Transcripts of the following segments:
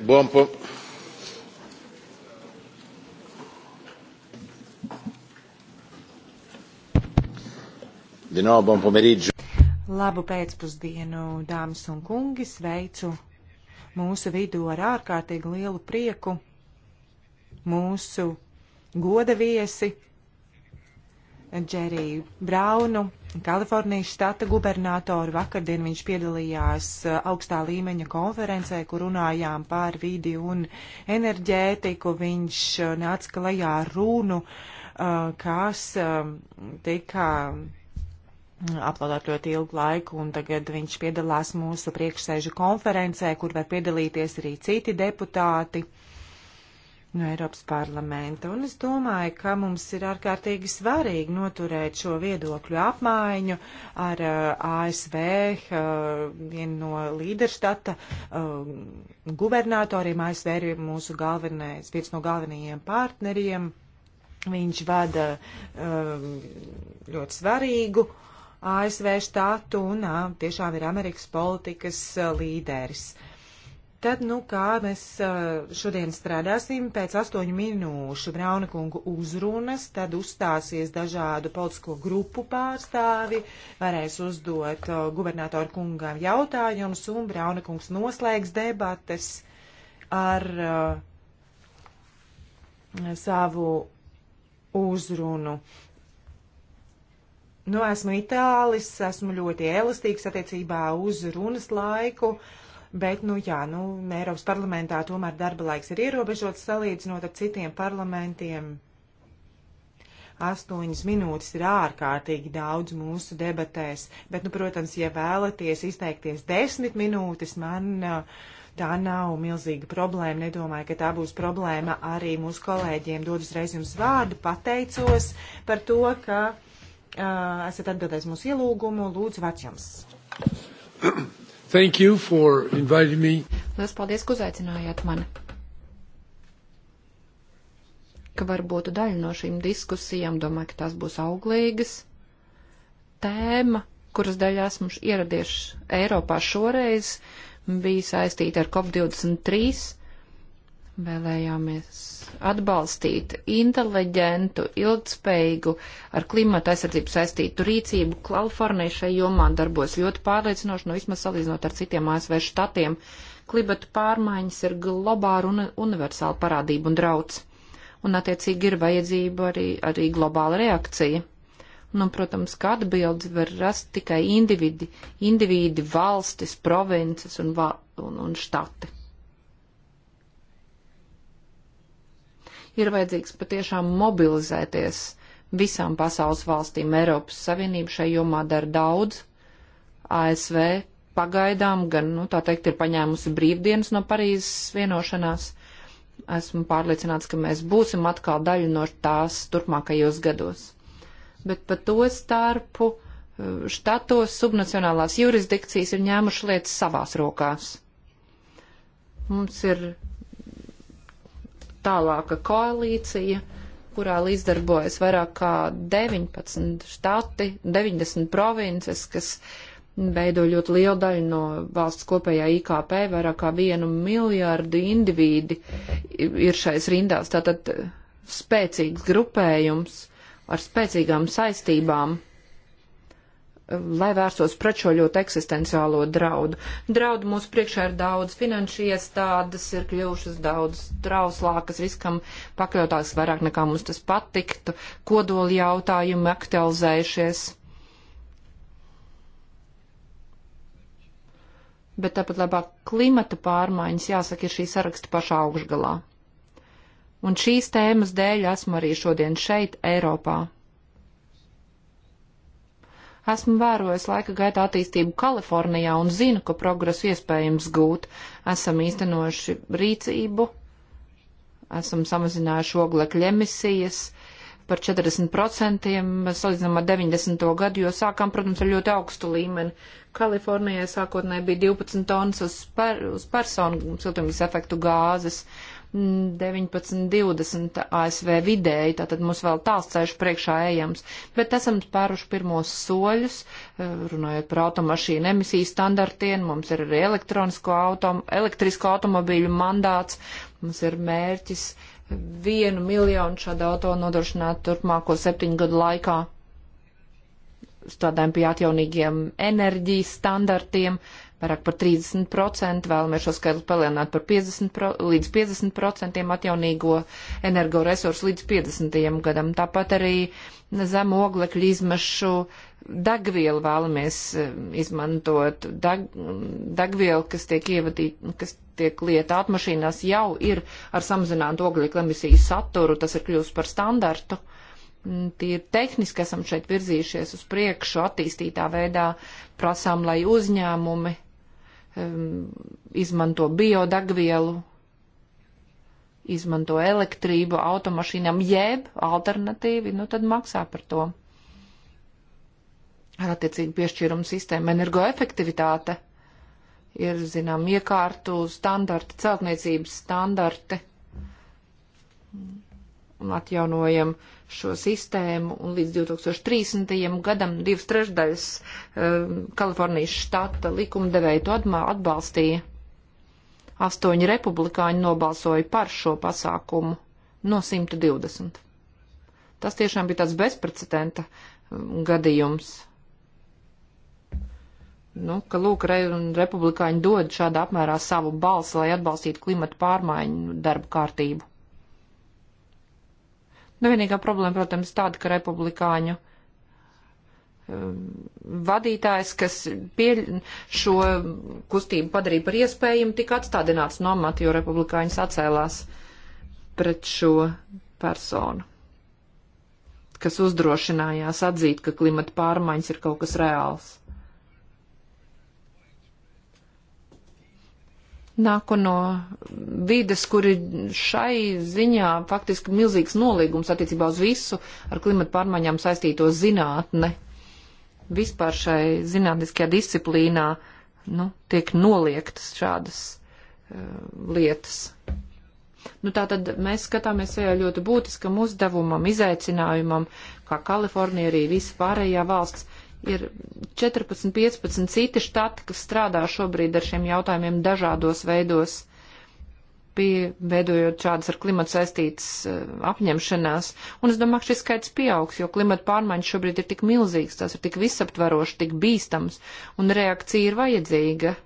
Buon po- Di nuovo buon pomeriggio. Labu pēcpusdienu, dāmas un kungi, sveicu mūsu vidū ar ārkārtīgi lielu prieku mūsu goda viesi Džeriju Braunu, Kalifornijas štata gubernatoru. Vakardien viņš piedalījās uh, augstā līmeņa konferencē, kur runājām par vidi un enerģētiku. Viņš uh, nāca klajā runu, uh, kas um, tika mm, aplaudāt ļoti ilgu laiku, un tagad viņš piedalās mūsu priekšsēžu konferencē, kur var piedalīties arī citi deputāti. Uh, no Eiropas parlamenta, un es domāju, ka mums ir ārkārtīgi svarīgi noturēt šo viedokļu apmaiņu ar uh, ASV, uh, vienu no līderštata uh, gubernatoriem. ASV ir mūsu galvenais, viens no galvenajiem partneriem. Viņš vada uh, ļoti svarīgu ASV štatu un uh, tiešām ir Amerikas politikas uh, līderis. Tad, nu, kā mēs šodien strādāsim, pēc astoņu minūšu Brauna kungu uzrunas, tad uzstāsies dažādu politisko grupu pārstāvi, varēs uzdot gubernatoru kungām jautājumus, un Brauna kungs noslēgs debates ar uh, savu uzrunu. Nu, esmu itālis, esmu ļoti elastīgs attiecībā uz runas laiku. Uh, bet, nu jā, nu, Eiropas parlamentā tomēr darba laiks ir ierobežots salīdzinot ar citiem parlamentiem. Astoņas minūtes ir ārkārtīgi daudz mūsu debatēs, bet, nu, protams, ja vēlaties izteikties desmit minūtes, man uh, tā nav milzīga problēma. Nedomāju, ka tā būs problēma arī mūsu kolēģiem. Dod uzreiz jums vārdu, pateicos par to, ka uh, esat atbildējis mūsu ielūgumu. Lūdzu, vārds jums. Thank you for inviting me. Lielas paldies, ka uzaicinājāt mani. Ka varbūt daļa no šīm diskusijām, domāju, ka tās būs auglīgas. Tēma, kuras daļā esmu ieradies Eiropā šoreiz, bija saistīta ar COP23 Vēlējāmies atbalstīt inteliģentu, ilgtspējīgu, ar klimata aizsardzību saistītu rīcību. Kalifornija šai jomā darbos ļoti pārliecinoši, no nu, vismaz salīdzinot ar citiem ASV štatiem. Klimata pārmaiņas ir globāla un universāla parādība un drauds. Un, attiecīgi, ir vajadzība arī, arī globāla reakcija. Nu, protams, ka atbildi var rast tikai individi, individi valstis, provinces un, va un, un štati. ir vajadzīgs patiešām mobilizēties visām pasaules valstīm. Eiropas Savienība šai jomā dara daudz. ASV pagaidām gan, nu, tā teikt, ir paņēmusi brīvdienas no Parīzes vienošanās. Esmu pārliecināts, ka mēs būsim atkal daļa no tās turpmākajos gados. Bet pa to starpu uh, štatos subnacionālās jurisdikcijas ir ņēmuši lietas savās rokās. Mums ir tālāka koalīcija, kurā līdzdarbojas vairāk kā 19 štati, 90 provinces, kas veido ļoti lielu daļu no valsts kopējā IKP, vairāk kā vienu miljārdu indivīdi ir šais rindās. Tātad spēcīgs grupējums ar spēcīgām saistībām lai vērsos pret šo ļoti eksistenciālo draudu. Draudu mūsu priekšā ir daudz, finanšu iestādes ir kļuvušas daudz trauslākas, riskam pakļautākas vairāk nekā mums tas patiktu, kodoli jautājumi aktualizējušies. Bet tāpat labāk klimata pārmaiņas, jāsaka, ir šī saraksta pašā augšgalā. Un šīs tēmas dēļ esmu arī šodien šeit, Eiropā Esmu vērojis laika gaitā attīstību Kalifornijā un zinu, ka progresu iespējams gūt. Esam īstenojuši rīcību, esam samazinājuši oglekļa emisijas par 40%, salīdzinām ar 90. gadu, jo sākām, protams, ar ļoti augstu līmeni. Kalifornijai sākotnēji bija 12 tonnas uz, per, uz personu siltumnīcas efektu gāzes 19,20 ASV vidēji, tātad mums vēl tāls ceļš priekšā ejams, bet esam spēruši pirmos soļus, eh, runājot par automašīnu emisiju standartiem, mums ir arī elektronisko autom, elektrisko automobīļu mandāts, mums ir mērķis vienu miljonu šādu auto nodrošināt turpmāko septiņu gadu laikā. Strādājam pie atjaunīgiem enerģijas standartiem, uh, vairāk par 30%, vēlamies šo skaitli palielināt par 50%, pro, līdz 50% atjaunīgo energoresursu līdz 50. gadam. Tāpat arī zem oglekļu izmešu degvielu vēlamies e, izmantot. Dag, degvielu, kas tiek ievadīta, kas tiek lieta atmašīnās, jau ir ar samazinātu oglekļu emisiju saturu, tas ir kļūst par standartu mm, tīri tehniski esam šeit virzījušies uz priekšu attīstītā veidā, prasām, lai uzņēmumi um, izmanto biodegvielu, izmanto elektrību automašīnām, jeb alternatīvi, nu tad maksā par to. Ar attiecīgi piešķīrumu sistēmu energoefektivitāte ir, zinām, iekārtu standarti, celtniecības standarti, atjaunojam uh, šo sistēmu, un līdz 2030. gadam divas trešdaļas um, Kalifornijas štata likumdevēja to atbalstīja. Astoņi republikāņi nobalsoja par šo pasākumu no 120. Tas tiešām bija tāds bezprecedenta um, gadījums. Nu, ka lūk, re, republikāņi dod šādā apmērā savu balsi, lai atbalstītu klimata pārmaiņu darba kārtību. Nu, vienīgā problēma, protams, tāda, ka republikāņu um, vadītājs, kas pieļ, šo kustību padarīja par iespējumu, tika atstādināts no amata, jo republikāņi sacēlās pret šo personu, kas uzdrošinājās atzīt, ka klimata pārmaiņas ir kaut kas reāls. nāku no vides, kur ir šai ziņā faktiski milzīgs nolīgums attiecībā uz visu ar klimatu pārmaiņām saistīto zinātne. Vispār šai zinātniskajā disciplīnā nu, tiek noliektas šādas uh, lietas. Nu, tā tad mēs skatāmies šajā ļoti būtiskam uzdevumam, izaicinājumam, kā Kalifornija arī visa pārējā valsts ir 14, 15 citi štati, kas strādā šobrīd ar šiem jautājumiem dažādos veidos, pie, veidojot šādas ar klimatu saistītas eh, apņemšanās. Un es domāju, ka šis skaits pieaugs, jo klimata pārmaiņas šobrīd ir tik milzīgas, tās ir tik visaptvarošas, tik bīstams, un reakcija ir vajadzīga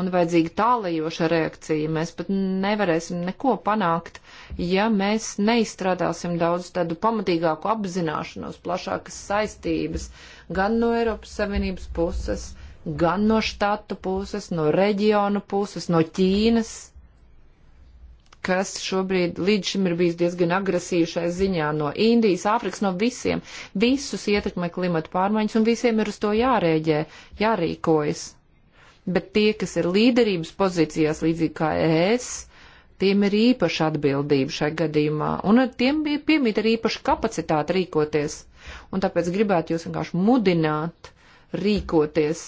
un vajadzīga tālajoša reakcija. Mēs pat nevarēsim neko panākt, ja mēs neizstrādāsim daudz tādu pamatīgāku apzināšanos, plašākas saistības gan no Eiropas Savienības puses, gan no štatu puses, no reģionu puses, no Ķīnas kas šobrīd līdz šim ir bijis diezgan agresīvšai ziņā no Indijas, Āfrikas, no visiem. Visus ietekmē klimata pārmaiņas un visiem ir uz to jārēģē, jārīkojas bet tie, kas ir līderības pozīcijās, līdzīgi kā ES, tiem ir īpaša atbildība šai gadījumā, un tiem bija piemīta arī īpaša kapacitāte rīkoties. Un tāpēc gribētu jūs vienkārši mudināt rīkoties.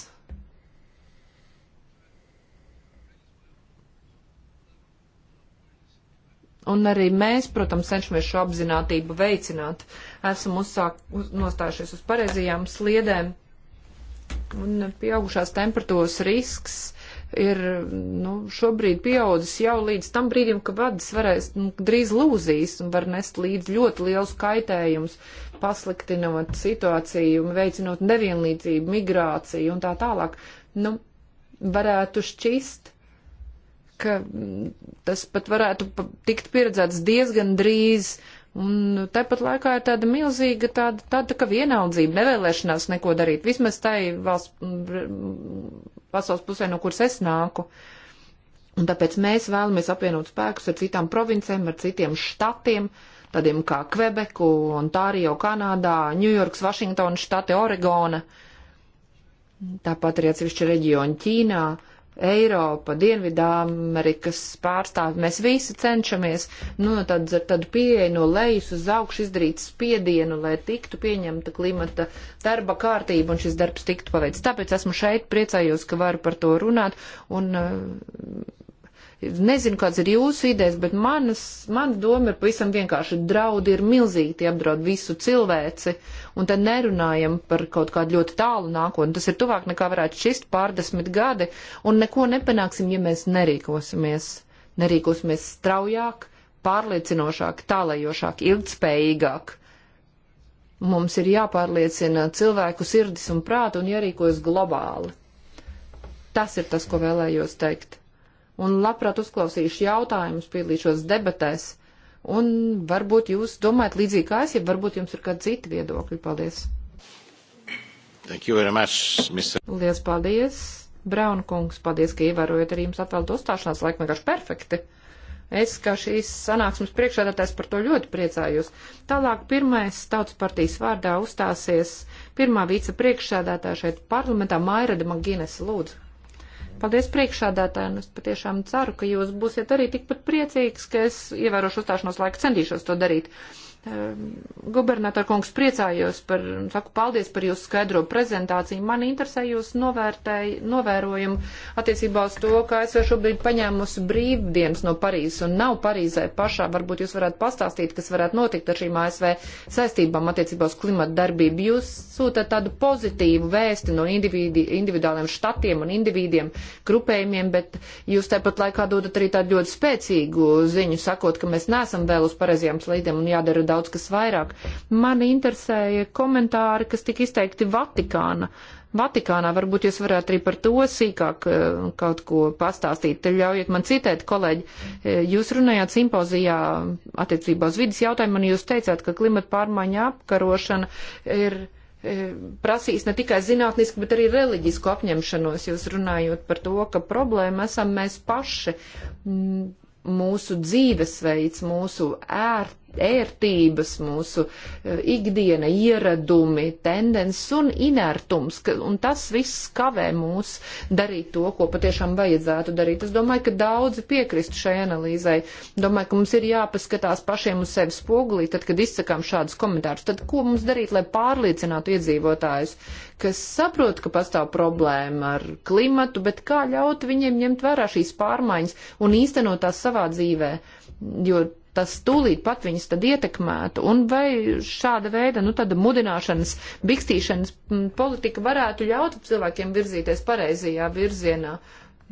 Un arī mēs, protams, cenšamies šo apzinātību veicināt. Esam uzsāk, uz, nostājušies uz pareizajām sliedēm. Un pieaugušās temperatūras risks ir nu, šobrīd pieaudzis jau līdz tam brīdim, ka vadas varēs nu, drīz lūzīs un var nest līdz ļoti liels kaitējums, pasliktinot situāciju un veicinot nevienlīdzību, migrāciju un tā tālāk. Nu, varētu šķist, ka mm, tas pat varētu tikt pieredzēts diezgan drīz. Uh, Un tāpat laikā ir tāda milzīga tāda, tāda kā vienaldzība, nevēlēšanās neko darīt. Vismaz tai valsts, pasaules pusē, no kuras es nāku. Un tāpēc mēs vēlamies apvienot spēkus ar citām provincēm, ar citiem štatiem, tādiem kā Kvebeku, Ontārio, Kanādā, Ņujorks, Vašingtona štati, Oregona. Tāpat arī atsevišķi reģioni Ķīnā Eiropa, Dienvidāmerikas pārstāvi, mēs visi cenšamies, nu, tad ar tādu pieeju no lejas uz augšu izdarīt spiedienu, lai tiktu pieņemta klimata darba kārtība un šis darbs tiktu paveicis. Tāpēc esmu šeit, priecājos, ka varu par to runāt un uh, Nezinu, kāds ir jūsu idejas, bet manas, mana doma ir pavisam vienkārši. Draudi ir milzīgi, tie apdraud visu cilvēci, un tad nerunājam par kaut kādu ļoti tālu nākotni. Tas ir tuvāk nekā varētu šist pārdesmit gadi, un neko nepanāksim, ja mēs nerīkosimies. Nerīkosimies straujāk, pārliecinošāk, tālējošāk, ilgtspējīgāk. Mums ir jāpārliecina cilvēku sirdis un prātu un jārīkojas globāli. Tas ir tas, ko vēlējos teikt un labprāt uzklausīšu jautājumus, piedalīšos debatēs. Un varbūt jūs domājat līdzīgi kā es, ja varbūt jums ir kādi citi viedokļi. Paldies! Thank you very much, Mr. Lielas paldies, Braun kungs, paldies, ka ievērojat arī jums atvēlto uzstāšanās laiku vienkārši perfekti. Es, kā šīs sanāksmes priekšādātājs, par to ļoti priecājos. Tālāk pirmais tautas partijas vārdā uzstāsies pirmā vicepriekšādātāja šeit parlamentā Mairada Magines Lūdzu. Paldies priekšādātājiem. Es patiešām ceru, ka jūs būsiet arī tikpat priecīgs, ka es ievērošu uzstāšanos laiku, centīšos to darīt. Uh, Ehm, gubernator kungs priecājos par, saku paldies par jūsu skaidro prezentāciju. Man interesē jūs novērojumu attiecībā uz to, ka es jau šobrīd paņēmusi brīvdienas no Parīzes un nav Parīzē pašā. Varbūt jūs varētu pastāstīt, kas varētu notikt ar šīm ASV saistībām attiecībā uz klimata darbību. Jūs sūtat tādu pozitīvu vēsti no individi, individuāliem štatiem un individiem, grupējumiem, bet jūs tāpat laikā dodat arī tādu ļoti spēcīgu ziņu, sakot, ka mēs neesam vēl uz pareizajām slīdēm un jādara un daudz kas vairāk. Man interesēja komentāri, kas tika izteikti Vatikāna. Vatikānā varbūt jūs varētu arī par to sīkāk eh, kaut ko pastāstīt. Te ļaujiet man citēt, kolēģi, eh, jūs runājāt simpozijā attiecībā uz vidas jautājumu, un jūs teicāt, ka klimata pārmaiņa apkarošana ir eh, prasīs ne tikai zinātnisku, bet arī reliģisku apņemšanos, jūs runājot par to, ka problēma esam mēs paši, mūsu dzīvesveids, mūsu ērt, ērtības, mūsu e, ikdiena ieradumi, tendences un inertums, ka, un tas viss kavē mūs darīt to, ko patiešām vajadzētu darīt. Es domāju, ka daudzi piekristu šai analīzai. Domāju, ka mums ir jāpaskatās pašiem uz sevi spogulī, tad, kad izsakām šādus komentārus. Tad, ko mums darīt, lai pārliecinātu iedzīvotājus, kas saprot, ka pastāv problēma ar klimatu, bet kā ļaut viņiem ņemt vērā šīs pārmaiņas un īstenot tās savā dzīvē? Jo tas tūlīt pat viņus tad ietekmētu, un vai šāda veida, nu, tāda mudināšanas, bikstīšanas politika varētu ļaut cilvēkiem virzīties pareizajā virzienā,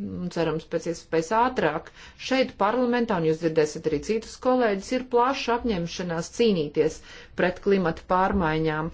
nu, cerams, pēc iespējas ātrāk. Šeit parlamentā, un jūs dzirdēsiet arī citus kolēģus, ir plaša apņemšanās cīnīties pret klimata pārmaiņām.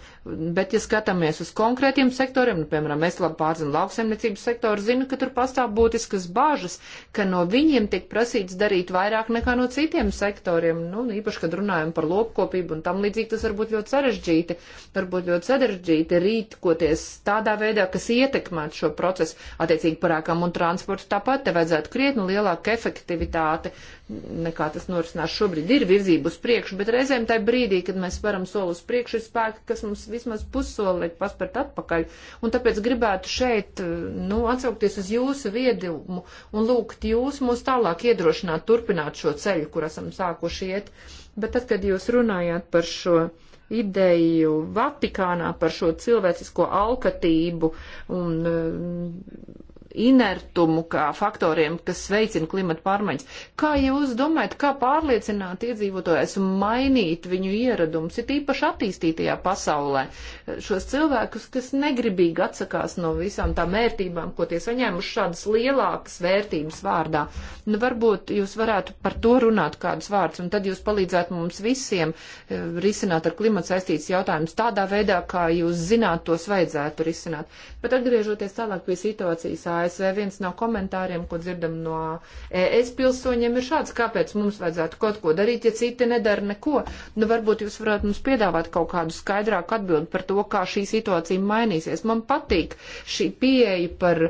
Bet, ja skatāmies uz konkrētiem sektoriem, nu, piemēram, es labi pārzinu lauksaimniecības sektoru, zinu, ka tur pastāv būtiskas bažas, ka no viņiem tiek prasīts darīt vairāk nekā no citiem sektoriem. Nu, īpaši, kad runājam par lopkopību un tam līdzīgi, tas var būt ļoti sarežģīti. Varbūt ļoti sarežģīti rīkoties tādā veidā, kas ietekmētu šo procesu attiecīgi parākam un transportu. Tāpat te vajadzētu krietni lielāku efektivitāti nekā tas norisinās šobrīd. Ir virzība uz priekšu, bet reizēm tajā brīdī, kad mēs varam soli uz priekšu, ir spēki, kas mums vismaz pussoli liek paspērt atpakaļ. Un tāpēc gribētu šeit, eh, nu, atsaukties uz jūsu viedumu un lūgt jūs mūs tālāk iedrošināt turpināt šo ceļu, kur esam sākuši iet. Bet tad, kad jūs runājāt par šo ideju Vatikānā par šo cilvēcisko alkatību un eh, inertumu, kā faktoriem, kas veicina klimata pārmaiņas. Kā jūs domājat, kā pārliecināt iedzīvotājus un mainīt viņu ieradumus, ir īpaši attīstītajā pasaulē, šos cilvēkus, kas negribīgi atsakās no visām tām vērtībām, ko tie saņēmuši šādas lielākas vērtības vārdā? Nu, varbūt jūs varētu par to runāt kādus vārdus, un tad jūs palīdzētu mums visiem eh, risināt ar klimatu saistītas jautājumus tādā veidā, kā jūs zināt, tos vajadzētu risināt. Bet atgriežoties tālāk pie situācijas ASV viens no komentāriem, ko dzirdam no ES pilsoņiem, ir šāds, kāpēc mums vajadzētu kaut ko darīt, ja citi nedara neko. Nu, varbūt jūs varētu mums piedāvāt kaut kādu skaidrāku atbildi par to, kā šī situācija mainīsies. Man patīk šī pieeja par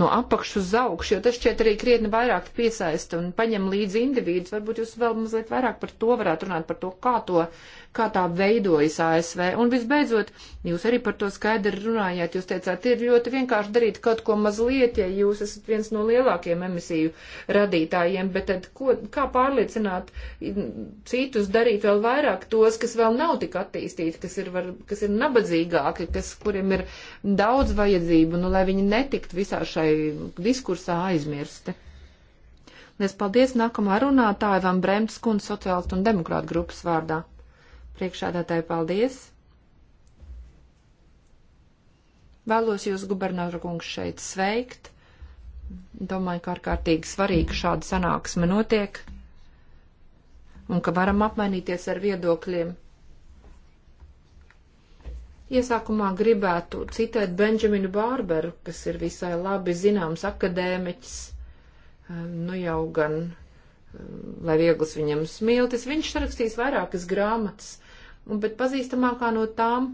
no apakšu uz augšu, jo tas šķiet arī krietni vairāk piesaista un paņem līdzi individus. Varbūt jūs vēl mazliet vairāk par to varētu runāt, par to, kā to kā tā veidojas ASV. Un visbeidzot, jūs arī par to skaidri runājāt. Jūs teicāt, ir ļoti vienkārši darīt kaut ko mazliet, ja jūs esat viens no lielākiem emisiju radītājiem, bet tad ko, kā pārliecināt citus darīt vēl vairāk tos, kas vēl nav tik attīstīti, kas ir, var, kas ir nabadzīgāki, kas, kuriem ir daudz vajadzību, nu, lai viņi netikt visā šai diskursā aizmirsti. Lies paldies nākamā runātāja Van Bremts kundze sociālistu un demokrātu grupas vārdā. Priekšādātāji, paldies! Vēlos jūs, gubernatora kungs, šeit sveikt. Domāju, ka ārkārtīgi svarīgi šāda sanāksme notiek un ka varam apmainīties ar viedokļiem. Iesākumā gribētu citēt Benžaminu Bārberu, kas ir visai labi zināms akadēmiķis, eh, nu jau gan lai vieglas viņam smiltis. Viņš rakstīs vairākas grāmatas, un, bet pazīstamākā no tām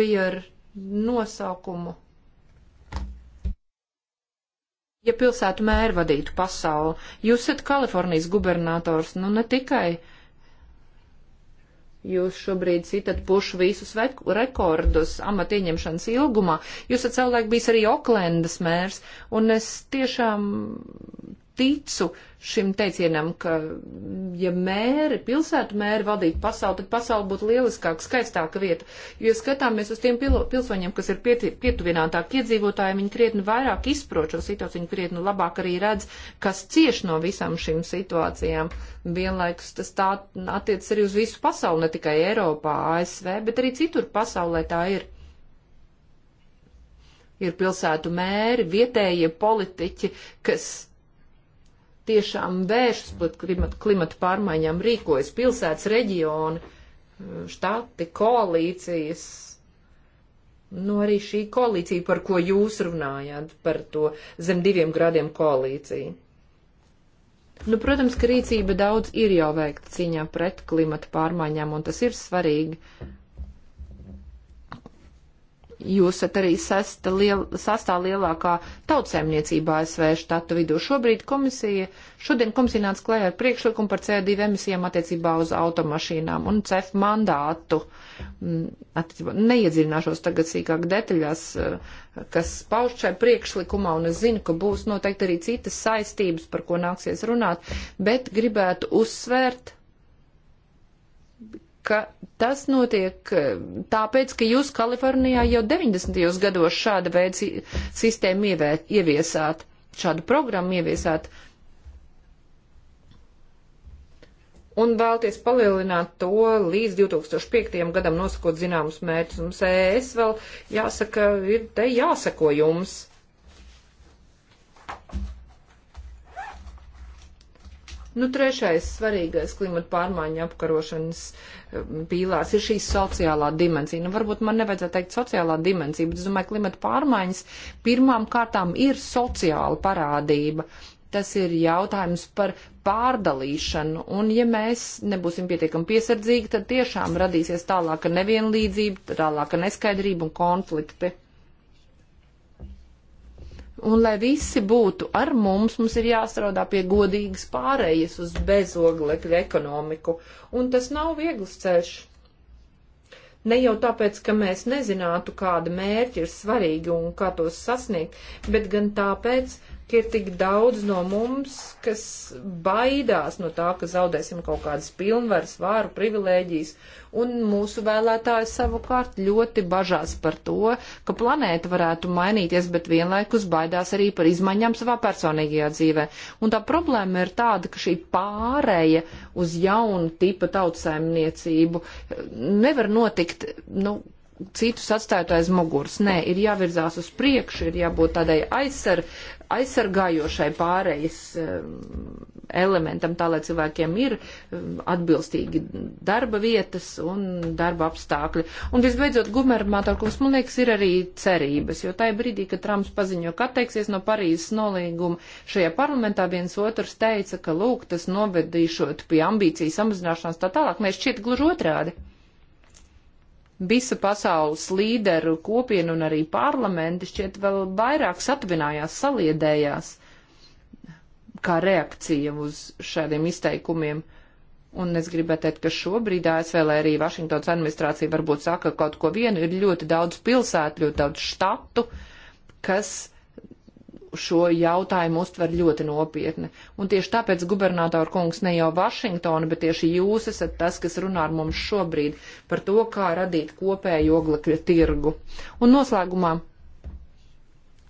bija ar nosaukumu. Ja pilsētu mēri vadītu pasauli, jūs esat Kalifornijas gubernators, nu ne tikai jūs šobrīd sitat pušu visus rekordus amatieņemšanas ilgumā, jūs esat savulaik bijis arī Oklendas mērs, un es tiešām ticu šim teicienam, ka ja mēri, pilsētu mēri vadītu pasauli, tad pasauli būtu lieliskāka, skaistāka vieta. Jo, ja skatāmies uz tiem pilo, pilsoņiem, kas ir pieti, pietuvinātāki iedzīvotāji, viņi krietni vairāk izprot šo situāciju, viņi krietni labāk arī redz, kas cieš no visām šīm situācijām. Vienlaikus tas tā attiec arī uz visu pasauli, ne tikai Eiropā, ASV, bet arī citur pasaulē tā ir ir pilsētu mēri, vietējie politiķi, kas tiešām vēršas pret klimatu, klimatu pārmaiņām, rīkojas pilsētas, reģioni, štati, koalīcijas. Nu, arī šī koalīcija, par ko jūs runājāt, par to zem diviem gradiem koalīciju. Nu, protams, ka rīcība daudz ir jau veikta cīņā pret klimatu pārmaiņām, un tas ir svarīgi Jūs esat arī sasta liel, sastā lielākā tautsēmniecībā ASV štatu vidū. Šobrīd komisija, šodien komisija nāca klējā ar priekšlikumu par CO2 emisijām attiecībā uz automašīnām un CEF mandātu. Mm, attiecībā, neiedzināšos tagad sīkāk detaļās, eh, kas pauž šai priekšlikumā, un es zinu, ka būs noteikti arī citas saistības, par ko nāksies runāt, bet gribētu uzsvērt ka tas notiek eh, tāpēc, ka jūs Kalifornijā jau 90. gados šāda veida sistēmu ievē, ieviesāt, šādu programmu ieviesāt. Un vēlties palielināt to līdz 2005. gadam, nosakot zināmus mērķus. Mums ES vēl jāsaka, ir te jāsako jums Nu, trešais svarīgais klimata pārmaiņu apkarošanas um, pīlārs ir šī sociālā dimensija. Nu, varbūt man nevajadzētu teikt sociālā dimensija, bet es domāju, klimata pārmaiņas pirmām kārtām ir sociāla parādība. Tas ir jautājums par pārdalīšanu, un ja mēs nebūsim pietiekami piesardzīgi, tad tiešām radīsies tālāka nevienlīdzība, tālāka neskaidrība un konflikti. Un, lai visi būtu ar mums, mums ir jāstrādā pie godīgas pārējas uz bezoglekļa ekonomiku. Un tas nav viegls ceļš. Ne jau tāpēc, ka mēs nezinātu, kāda mērķi ir svarīgi un kā tos sasniegt, bet gan tāpēc, ka ir tik daudz no mums, kas baidās no tā, ka zaudēsim kaut kādas pilnvaras, vāru, privilēģijas, un mūsu vēlētāji savukārt ļoti bažās par to, ka planēta varētu mainīties, bet vienlaikus baidās arī par izmaiņām savā personīgajā dzīvē. Un tā problēma ir tāda, ka šī pārēja uz jaunu tipa tautsēmniecību nevar notikt, nu, citus atstājot aiz muguras. Nē, ir jāvirzās uz priekšu, ir jābūt tādai aizsar, aizsargājošai pārejas um, elementam, tā lai cilvēkiem ir um, atbilstīgi darba vietas un darba apstākļi. Un visbeidzot, gumermātorkums, man liekas, ir arī cerības, jo tajā brīdī, kad Trumps paziņo, ka atteiksies no Parīzes nolīguma, šajā parlamentā viens otrs teica, ka lūk, tas novedīšot pie ambīcijas samazināšanās tā tālāk. Mēs šķiet gluži otrādi visa pasaules līderu kopiena un arī parlamenti šķiet vēl vairāk satvinājās, saliedējās kā reakcija uz šādiem izteikumiem. Un es gribētu teikt, ka šobrīd ASV, lai arī Vašingtons administrācija varbūt saka kaut ko vienu, ir ļoti daudz pilsētu, ļoti daudz štatu, kas šo jautājumu uztver ļoti nopietni. Un tieši tāpēc gubernatoru kungs ne jau Vašingtona, bet tieši jūs esat tas, kas runā ar mums šobrīd par to, kā radīt kopēju oglekļa tirgu. Un noslēgumā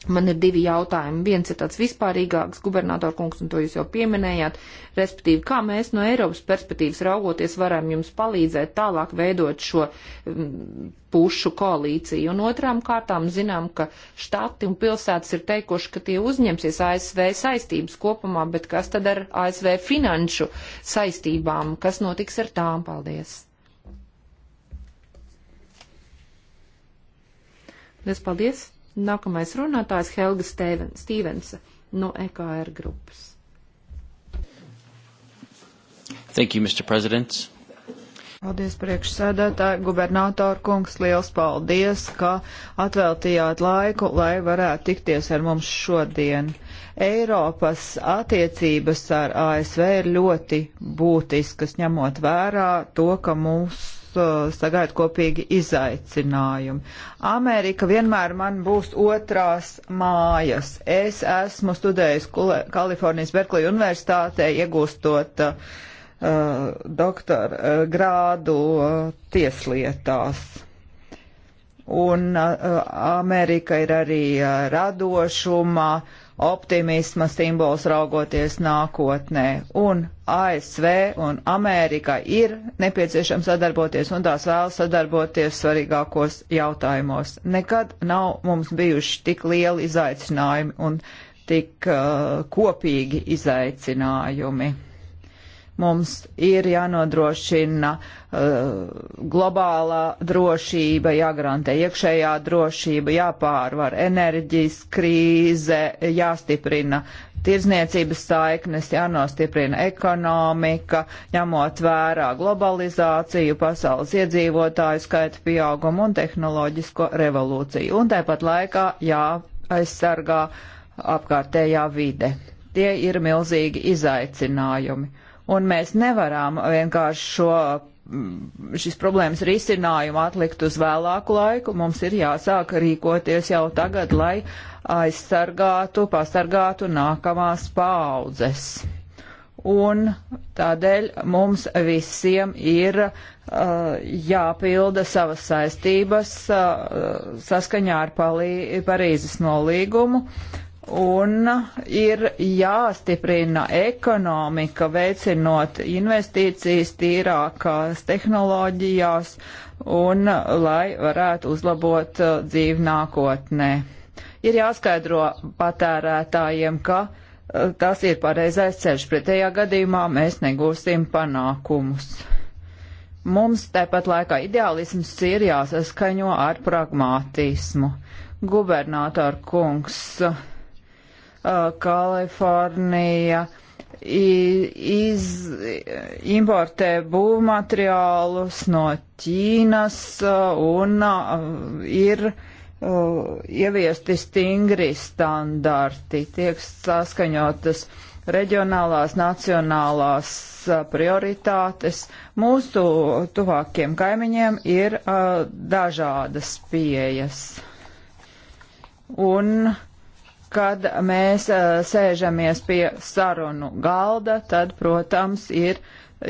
Man ir divi jautājumi. Viens ir tāds vispārīgāks, gubernator kungs, un to jūs jau pieminējāt, respektīvi, kā mēs no Eiropas perspektīvas raugoties varam jums palīdzēt tālāk veidot šo mm, pušu koalīciju. Un otrām kārtām zinām, ka štati un pilsētas ir teikuši, ka tie uzņemsies ASV saistības kopumā, bet kas tad ar ASV finanšu saistībām, kas notiks ar tām? Paldies! Lies, paldies! Nākamais runātājs Helga Stevensa no EKR grupas. Thank you, Mr. President. Paldies, priekšsēdētāji, gubernatoru kungs, liels paldies, ka atveltījāt laiku, lai varētu tikties ar mums šodien. Eiropas attiecības ar ASV ir ļoti būtiskas, ņemot vērā to, ka mūsu Uh, sagaida kopīgi izaicinājumi. Amerika vienmēr man būs otrās mājas. Es esmu studējis Kalifornijas Berklī universitātē, iegūstot uh, doktora uh, grādu uh, tieslietās. Un uh, Amerika ir arī uh, radošuma, uh, optimisma simbols raugoties nākotnē. Un ASV un Amerika ir nepieciešams sadarboties un tās vēl sadarboties svarīgākos jautājumos. Nekad nav mums bijuši tik lieli izaicinājumi un tik uh, kopīgi izaicinājumi. Mums ir jānodrošina uh, globālā drošība, jāgarantē iekšējā drošība, jāpārvar enerģijas krīze, jāstiprina tirzniecības saiknes, jānostiprina ekonomika, ņemot vērā globalizāciju, pasaules iedzīvotāju skaita pieaugumu un tehnoloģisko revolūciju. Un tāpat laikā jāaizsargā apkārtējā vide. Tie ir milzīgi izaicinājumi un mēs nevaram vienkārši šo mm, šīs problēmas risinājumu atlikt uz vēlāku laiku, mums ir jāsāk rīkoties jau tagad, lai aizsargātu, pasargātu nākamās paudzes. Un tādēļ mums visiem ir uh, jāpilda savas saistības uh, saskaņā ar Palī Parīzes nolīgumu, uh, un ir jāstiprina ekonomika, veicinot investīcijas tīrākās tehnoloģijās un lai varētu uzlabot uh, dzīvi nākotnē. Ir jāskaidro patērētājiem, ka uh, tas ir pareizais ceļš, pretējā gadījumā mēs negūsim panākumus. Mums tāpat laikā ideālisms ir jāsaskaņo ar pragmātismu. Gubernātor kungs, uh, Uh, Kalifornija iz, importē būvmateriālus no Ķīnas uh, un uh, ir ieviesti stingri standarti, tiek saskaņotas reģionālās, nacionālās prioritātes. Mūsu tuvākiem kaimiņiem ir uh, dažādas pieejas. Un uh, kad mēs eh, sēžamies pie sarunu galda, tad, protams, ir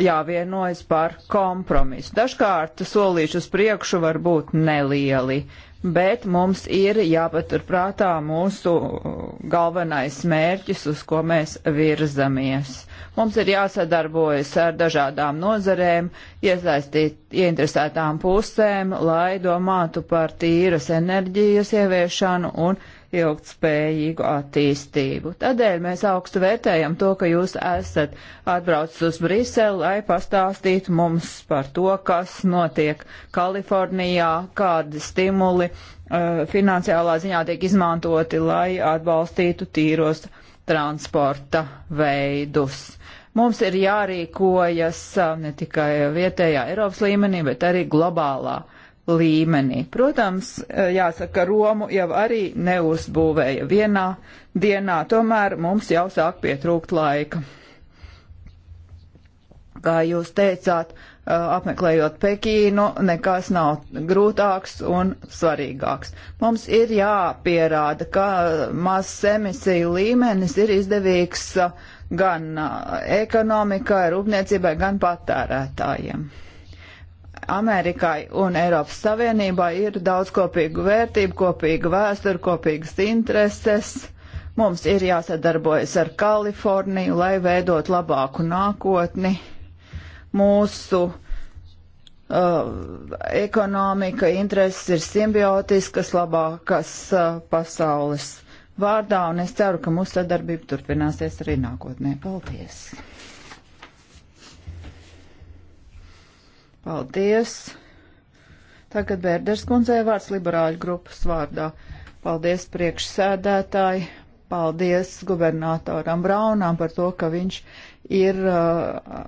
jāvienojas par kompromisu. Dažkārt solīši uz priekšu var būt nelieli, bet mums ir jāpaturprātā mūsu galvenais mērķis, uz ko mēs virzamies. Mums ir jāsadarbojas ar dažādām nozarēm, iesaistīt ieinteresētām pusēm, lai domātu par tīras enerģijas ieviešanu un ieviešanu ilgtspējīgu attīstību. Tādēļ mēs augstu vērtējam to, ka jūs esat atbraucis uz Briseli, lai pastāstītu mums par to, kas notiek Kalifornijā, kādi stimuli uh, finansiālā ziņā tiek izmantoti, lai atbalstītu tīros transporta veidus. Mums ir jārīkojas eh, ne tikai vietējā Eiropas līmenī, bet arī globālā līmenī līmenī. Protams, e, jāsaka, Romu jau arī neuzbūvēja vienā dienā, tomēr mums jau sāk pietrūkt laika. Kā jūs teicāt, e, apmeklējot Pekīnu, nekas nav grūtāks un svarīgāks. Mums ir jāpierāda, ka mazs emisiju līmenis ir izdevīgs gan e, ekonomikai, rūpniecībai, gan patērētājiem. Amerikai un Eiropas Savienībai ir daudz kopīgu vērtību, kopīgu vēsturi, kopīgas intereses. Mums ir jāsadarbojas ar Kaliforniju, lai veidot labāku nākotni. Mūsu uh, ekonomika intereses ir simbiotiskas, labākas uh, pasaules vārdā, un es ceru, ka mūsu sadarbība turpināsies arī nākotnē. Paldies! Paldies! Tagad Bērders kundzei vārds liberāļu grupas vārdā. Paldies priekšsēdētāji, paldies gubernatoram Braunam par to, ka viņš ir uh,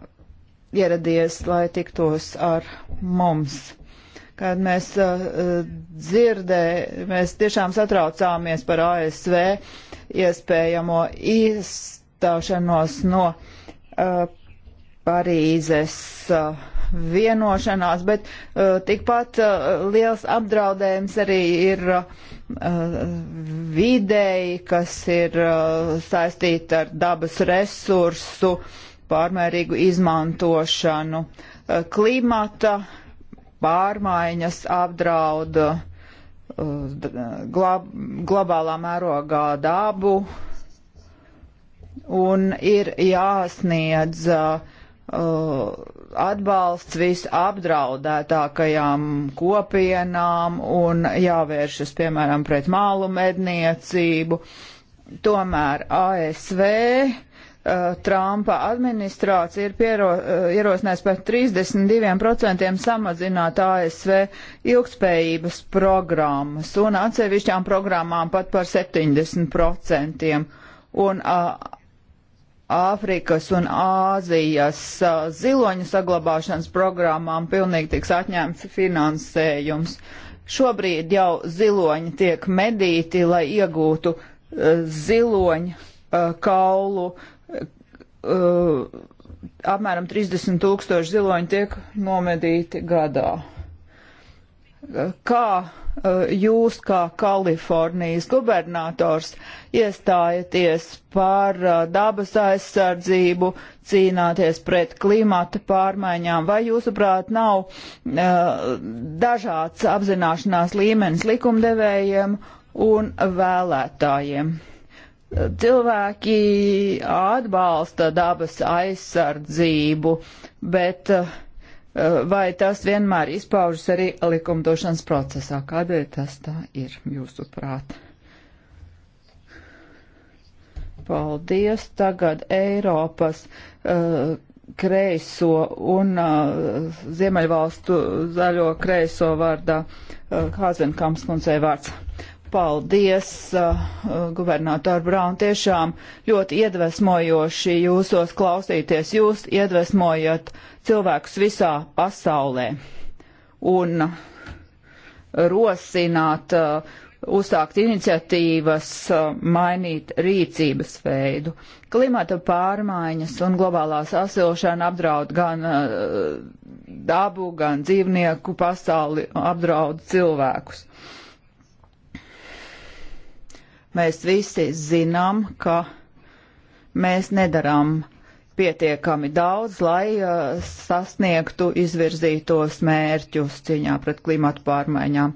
ieradies, lai tiktos ar mums. Kad mēs uh, dzirdē, mēs tiešām satraucāmies par ASV iespējamo izstāšanos no uh, Parīzes. Uh, vienošanās, bet uh, tikpat uh, liels apdraudējums arī ir uh, videi, kas ir uh, saistīta ar dabas resursu pārmērīgu izmantošanu. Uh, klimata pārmaiņas apdraud uh, glab globālā mērogā dabu un ir jāsniedz uh, atbalsts visapdraudētākajām kopienām un jāvēršas, piemēram, pret mālu medniecību. Tomēr ASV eh, Trumpa administrācija ir piero, eh, ierosinājusi par 32% samazināt ASV ilgspējības programmas un atsevišķām programmām pat par 70%. Un uh, Āfrikas un Āzijas ziloņu saglabāšanas programmām pilnīgi tiks atņemts finansējums. Šobrīd jau ziloņi tiek medīti, lai iegūtu ziloņu kaulu. Apmēram 30 tūkstoši ziloņi tiek nomedīti gadā kā eh, jūs, kā Kalifornijas gubernators, iestājaties par eh, dabas aizsardzību, cīnāties pret klimata pārmaiņām, vai jūsuprāt nav eh, dažāds apzināšanās līmenis likumdevējiem un vēlētājiem? Cilvēki atbalsta dabas aizsardzību, bet uh, vai tas vienmēr izpaužas arī likumdošanas procesā? Kādēļ tas tā ir, jūsuprāt? Paldies. Tagad Eiropas uh, kreiso un uh, Ziemeļvalstu zaļo kreiso vārdā uh, Kāzenkamps kundzei vārds. Uh, Paldies, uh, guvernatori Braun, tiešām ļoti iedvesmojoši jūsos klausīties. Jūs iedvesmojat cilvēkus visā pasaulē un rosināt, uh, uzsākt iniciatīvas, uh, mainīt rīcības veidu. Klimata pārmaiņas un globālā sasilšana apdraud gan uh, dabu, gan dzīvnieku pasauli, apdraud cilvēkus. Mēs visi zinām, ka mēs nedarām pietiekami daudz, lai uh, sasniegtu izvirzītos mērķus cīņā pret klimatu pārmaiņām.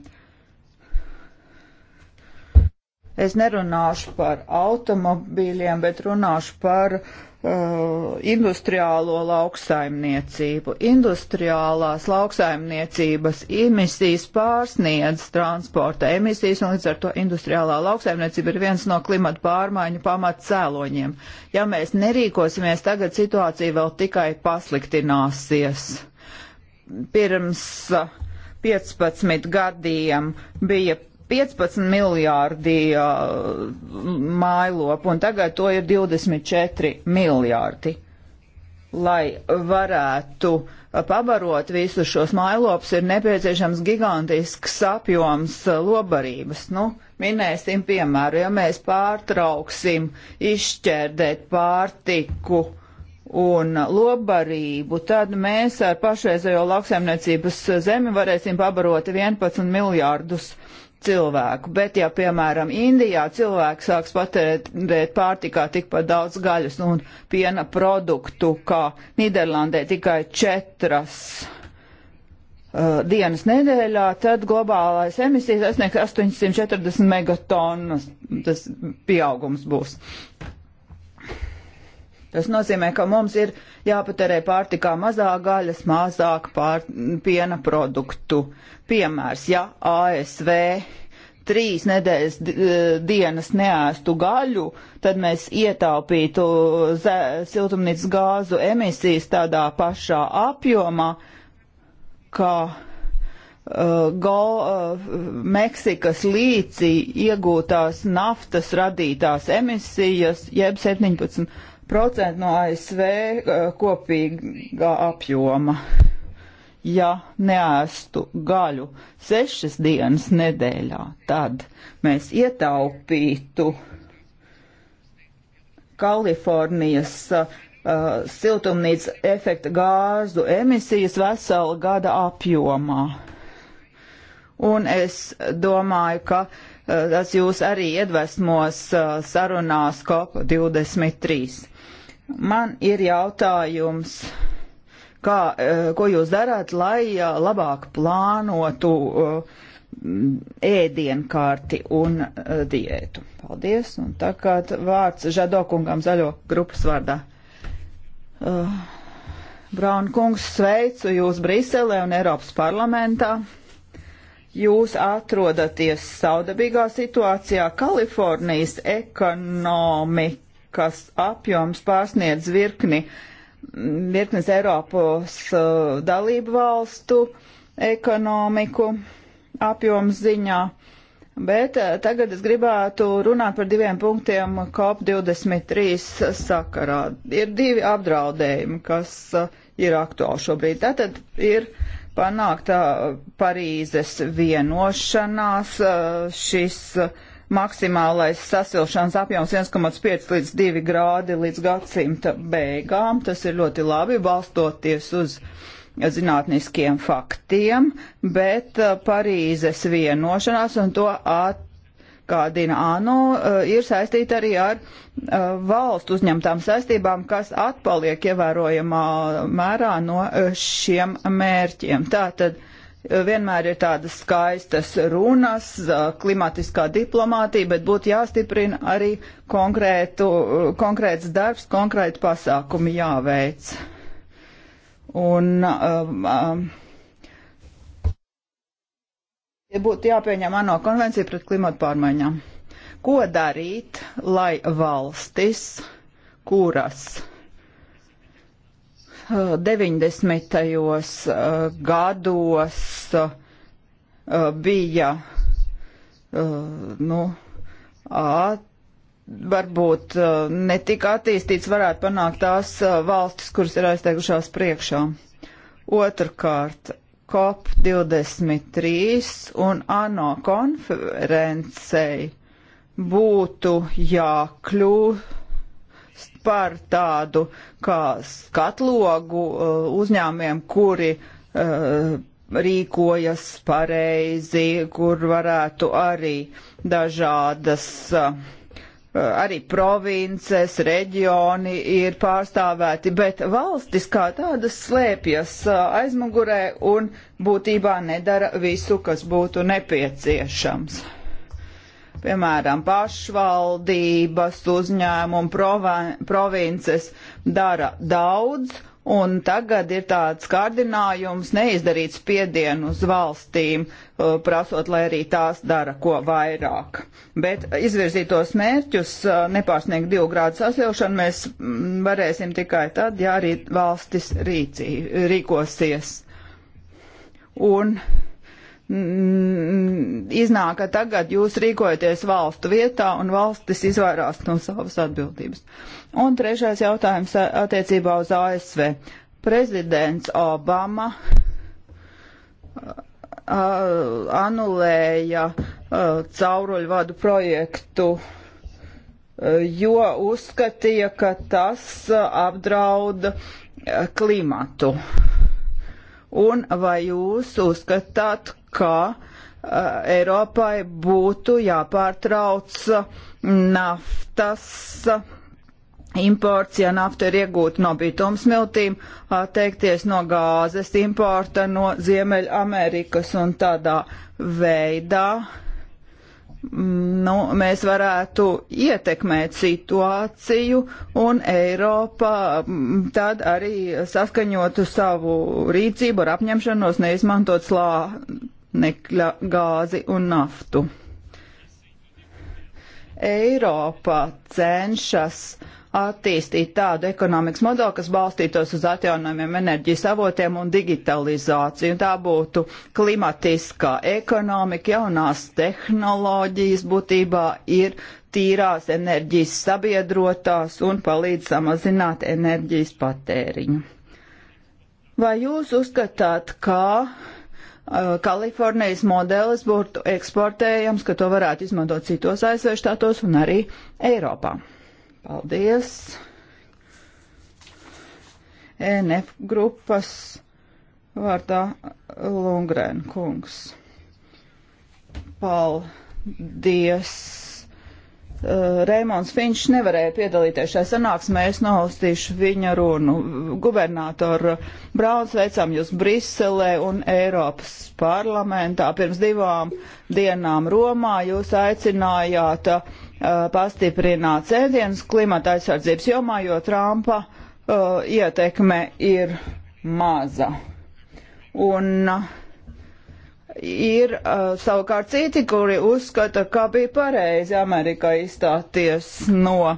Es nerunāšu par automobīļiem, bet runāšu par uh, Uh, industriālo lauksaimniecību. Industriālās lauksaimniecības emisijas pārsniedz transporta emisijas, un līdz ar to industriālā lauksaimniecība ir viens no klimata pārmaiņu pamat cēloņiem. Ja mēs nerīkosimies, tagad situācija vēl tikai pasliktināsies. Pirms 15 uh, gadiem bija 15 miljārdi uh, mājlopu, un tagad to ir 24 miljārdi. Lai varētu pabarot visus šos mājlopus, ir nepieciešams gigantisks apjoms lobarības. Nu, minēsim piemēru, ja mēs pārtrauksim izšķērdēt pārtiku un lobarību, tad mēs ar pašreizējo lauksaimniecības zemi varēsim pabarot 11 miljārdus uh, cilvēku. Bet, ja, piemēram, Indijā cilvēki sāks patērēt pārtikā tikpat daudz gaļas un piena produktu, kā Nīderlandē tikai četras uh, dienas nedēļā, tad globālais emisijas sasniegs 840 megatonnas. Tas pieaugums būs. Tas nozīmē, ka mums ir jāpatērē pārtikā mazāk gaļas, mazāk pār, piena produktu. Piemērs, ja ASV trīs nedēļas e, dienas neēstu gaļu, tad mēs ietaupītu siltumnīcas gāzu emisijas tādā pašā apjomā, kā uh, go, uh, Meksikas līcī iegūtās naftas radītās emisijas, jeb 17 10% no ASV eh, kopīgā apjoma. Ja neēstu gaļu sešas dienas nedēļā, tad mēs ietaupītu Kalifornijas uh, siltumnīca efekta gāzu emisijas vesela gada apjomā. Un es domāju, ka uh, tas jūs arī iedvesmos uh, sarunās COP23. Man ir jautājums, kā, e, ko jūs darāt, lai e, labāk plānotu e, ēdienkārti un diētu? Paldies, un tagad vārds Žadokungam zaļo grupas vārdā. Braun kungs, sveicu jūs Briselē un Eiropas parlamentā. Jūs atrodaties saudabīgā situācijā. Kalifornijas ekonomika kas apjoms pārsniedz virkni, virknes Eiropas uh, dalību valstu ekonomiku apjoms ziņā. Bet uh, tagad es gribētu runāt par diviem punktiem COP23 sakarā. Ir divi apdraudējumi, kas uh, ir aktuāli šobrīd. Tātad ir panākta Parīzes vienošanās uh, šis uh, maksimālais sasilšanas apjoms 1,5 līdz 2 grādi līdz gadsimta beigām. Tas ir ļoti labi balstoties uz zinātniskiem faktiem, bet uh, Parīzes vienošanās un to atkādina ANO uh, ir saistīta arī ar uh, valstu uzņemtām saistībām, kas atpaliek ievērojamā mērā no šiem mērķiem. Tātad, vienmēr ir tādas skaistas runas, klimatiskā diplomātija, bet būtu jāstiprina arī konkrētu, konkrēts darbs, konkrēti pasākumi jāveic. Un, um, um, būtu jāpieņem ANO konvencija pret klimatu pārmaiņām. Ko darīt, lai valstis, kuras 90. Eh, gados eh, bija eh, nu, varbūt ne tik attīstīts, varētu panākt tās valstis, kuras ir aizteikušās priekšā. Otrkārt, COP23 un ANO konferencei būtu jākļūst par tādu kā skatlogu uh, uzņēmiem, kuri uh, rīkojas pareizi, kur varētu arī dažādas uh, uh, arī provinces, reģioni ir pārstāvēti, bet valstis kā tādas slēpjas uh, aizmugurē un būtībā nedara visu, kas būtu nepieciešams piemēram, pašvaldības, uzņēmumu, provinces dara daudz, un tagad ir tāds kārdinājums neizdarīt spiedienu uz valstīm, uh, prasot, lai arī tās dara ko vairāk. Bet izvirzītos mērķus uh, nepārsniegt divu grādu sasilšanu mēs mm, varēsim tikai tad, ja arī valstis rīcī, rīkosies. Un Mm, iznāk, ka tagad jūs rīkojaties valstu vietā un valstis izvairās no savas atbildības. Un trešais jautājums attiecībā uz ASV. Prezidents Obama uh, uh, anulēja uh, cauruļvadu projektu, uh, jo uzskatīja, ka tas uh, apdraud uh, klimatu. Un vai jūs uzskatāt, ka uh, Eiropai būtu jāpārtrauc naftas imports, ja nafta ir iegūta no bitumsmiltīm, atteikties no gāzes importa no Ziemeļamerikas un tādā veidā nu, mēs varētu ietekmēt situāciju un Eiropā tad arī saskaņotu savu rīcību ar apņemšanos neizmantot slā, nekļa gāzi un naftu. Eiropa cenšas attīstīt tādu ekonomikas modeli, kas balstītos uz atjaunojumiem enerģijas avotiem un digitalizāciju. Tā būtu klimatiskā ekonomika, jaunās tehnoloģijas būtībā ir tīrās enerģijas sabiedrotās un palīdz samazināt enerģijas patēriņu. Vai jūs uzskatāt, ka Eh, Kalifornijas modelis būtu eksportējams, ka to varētu izmantot citos ASV štatos un arī Eiropā. Paldies! ENF grupas vārdā Lungrēn kungs. Paldies! Eh, Reimons Finčs nevarēja piedalīties šajā sanāksmē, es nohaustīšu viņa runu. Gubernātoru Brauns veicām jūs Briselē un Eiropas parlamentā. Pirms divām dienām Romā jūs aicinājāt uh, pastiprināt cēdienus klimata aizsardzības jomā, jo Trumpa uh, ietekme ir maza. Un uh, Ir uh, savukārt citi, kuri uzskata, ka bija pareizi Amerikai izstāties no, uh,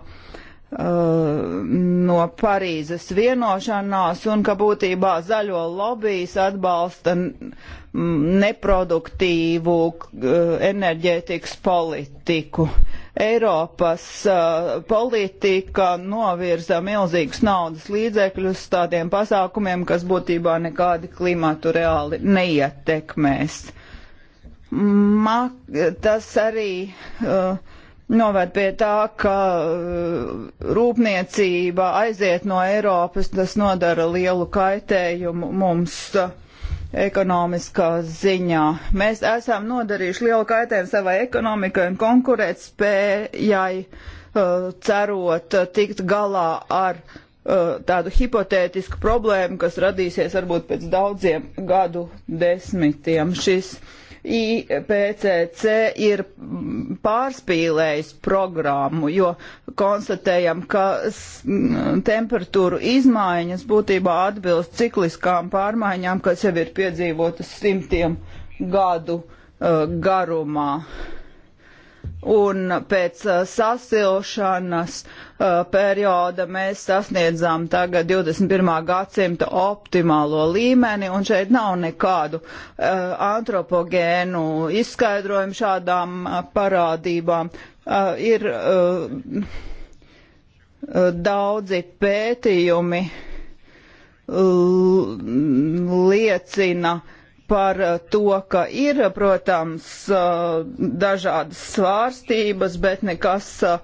no Parīzes vienošanās un ka būtībā zaļo lobijas atbalsta neproduktīvu uh, enerģētikas politiku. Uh, Eiropas uh, politika novirza milzīgus naudas līdzekļus tādiem pasākumiem, kas būtībā nekādi klimatu reāli neietekmēs. Ma, tas arī uh, novērt pie tā, ka uh, rūpniecība aiziet no Eiropas, tas nodara lielu kaitējumu mums. Uh, ekonomiskā ziņā. Mēs esam nodarījuši lielu kaitējumu savai ekonomikai un konkurēt spējai, uh, cerot uh, tikt galā ar uh, tādu hipotētisku problēmu, kas radīsies varbūt pēc daudziem gadu desmitiem. Šis uh, IPCC ir pārspīlējis programmu, jo konstatējam, ka temperatūru izmaiņas būtībā atbilst cikliskām pārmaiņām, kas jau ir piedzīvotas simtiem gadu uh, garumā. Uh, un pēc uh, sasilšanas uh, perioda mēs sasniedzām tagad 21. gadsimta optimālo līmeni, un šeit nav nekādu uh, antropogēnu izskaidrojumu šādām uh, parādībām. Uh, ir uh, daudzi pētījumi liecina, par eh, to, ka ir, protams, eh, dažādas svārstības, bet nekas eh,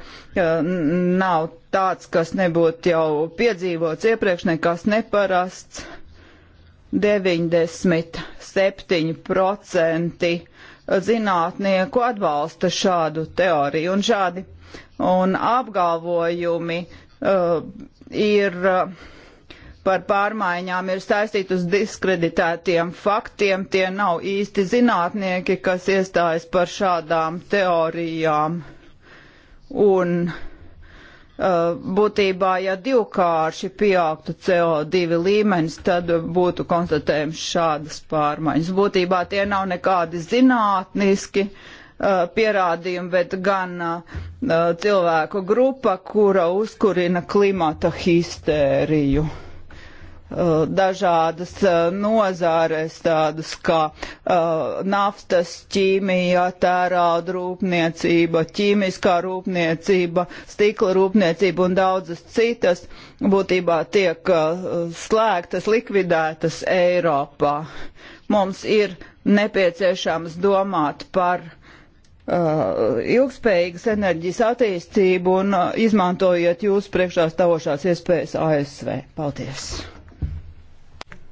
nav tāds, kas nebūtu jau piedzīvots iepriekš, nekas neparasts. 97% zinātnieku atbalsta šādu teoriju un šādi un apgalvojumi uh, ir uh, par pārmaiņām ir saistīti uz diskreditētiem faktiem. Tie nav īsti zinātnieki, kas iestājas par šādām teorijām. Un uh, būtībā, ja divkārši pieaugtu CO2 līmenis, tad būtu konstatējums šādas pārmaiņas. Būtībā tie nav nekādi zinātniski uh, pierādījumi, bet gan uh, cilvēku grupa, kura uzkurina klimata histēriju. Uh, dažādas uh, nozāres, tādas kā uh, naftas ķīmija, tērauda rūpniecība, ķīmiskā rūpniecība, stikla rūpniecība un daudzas citas būtībā tiek uh, slēgtas, likvidētas Eiropā. Mums ir nepieciešams domāt par Uh, ilgspējīgas enerģijas attīstību un uh, izmantojiet jūsu priekšā stāvošās iespējas ASV. Paldies!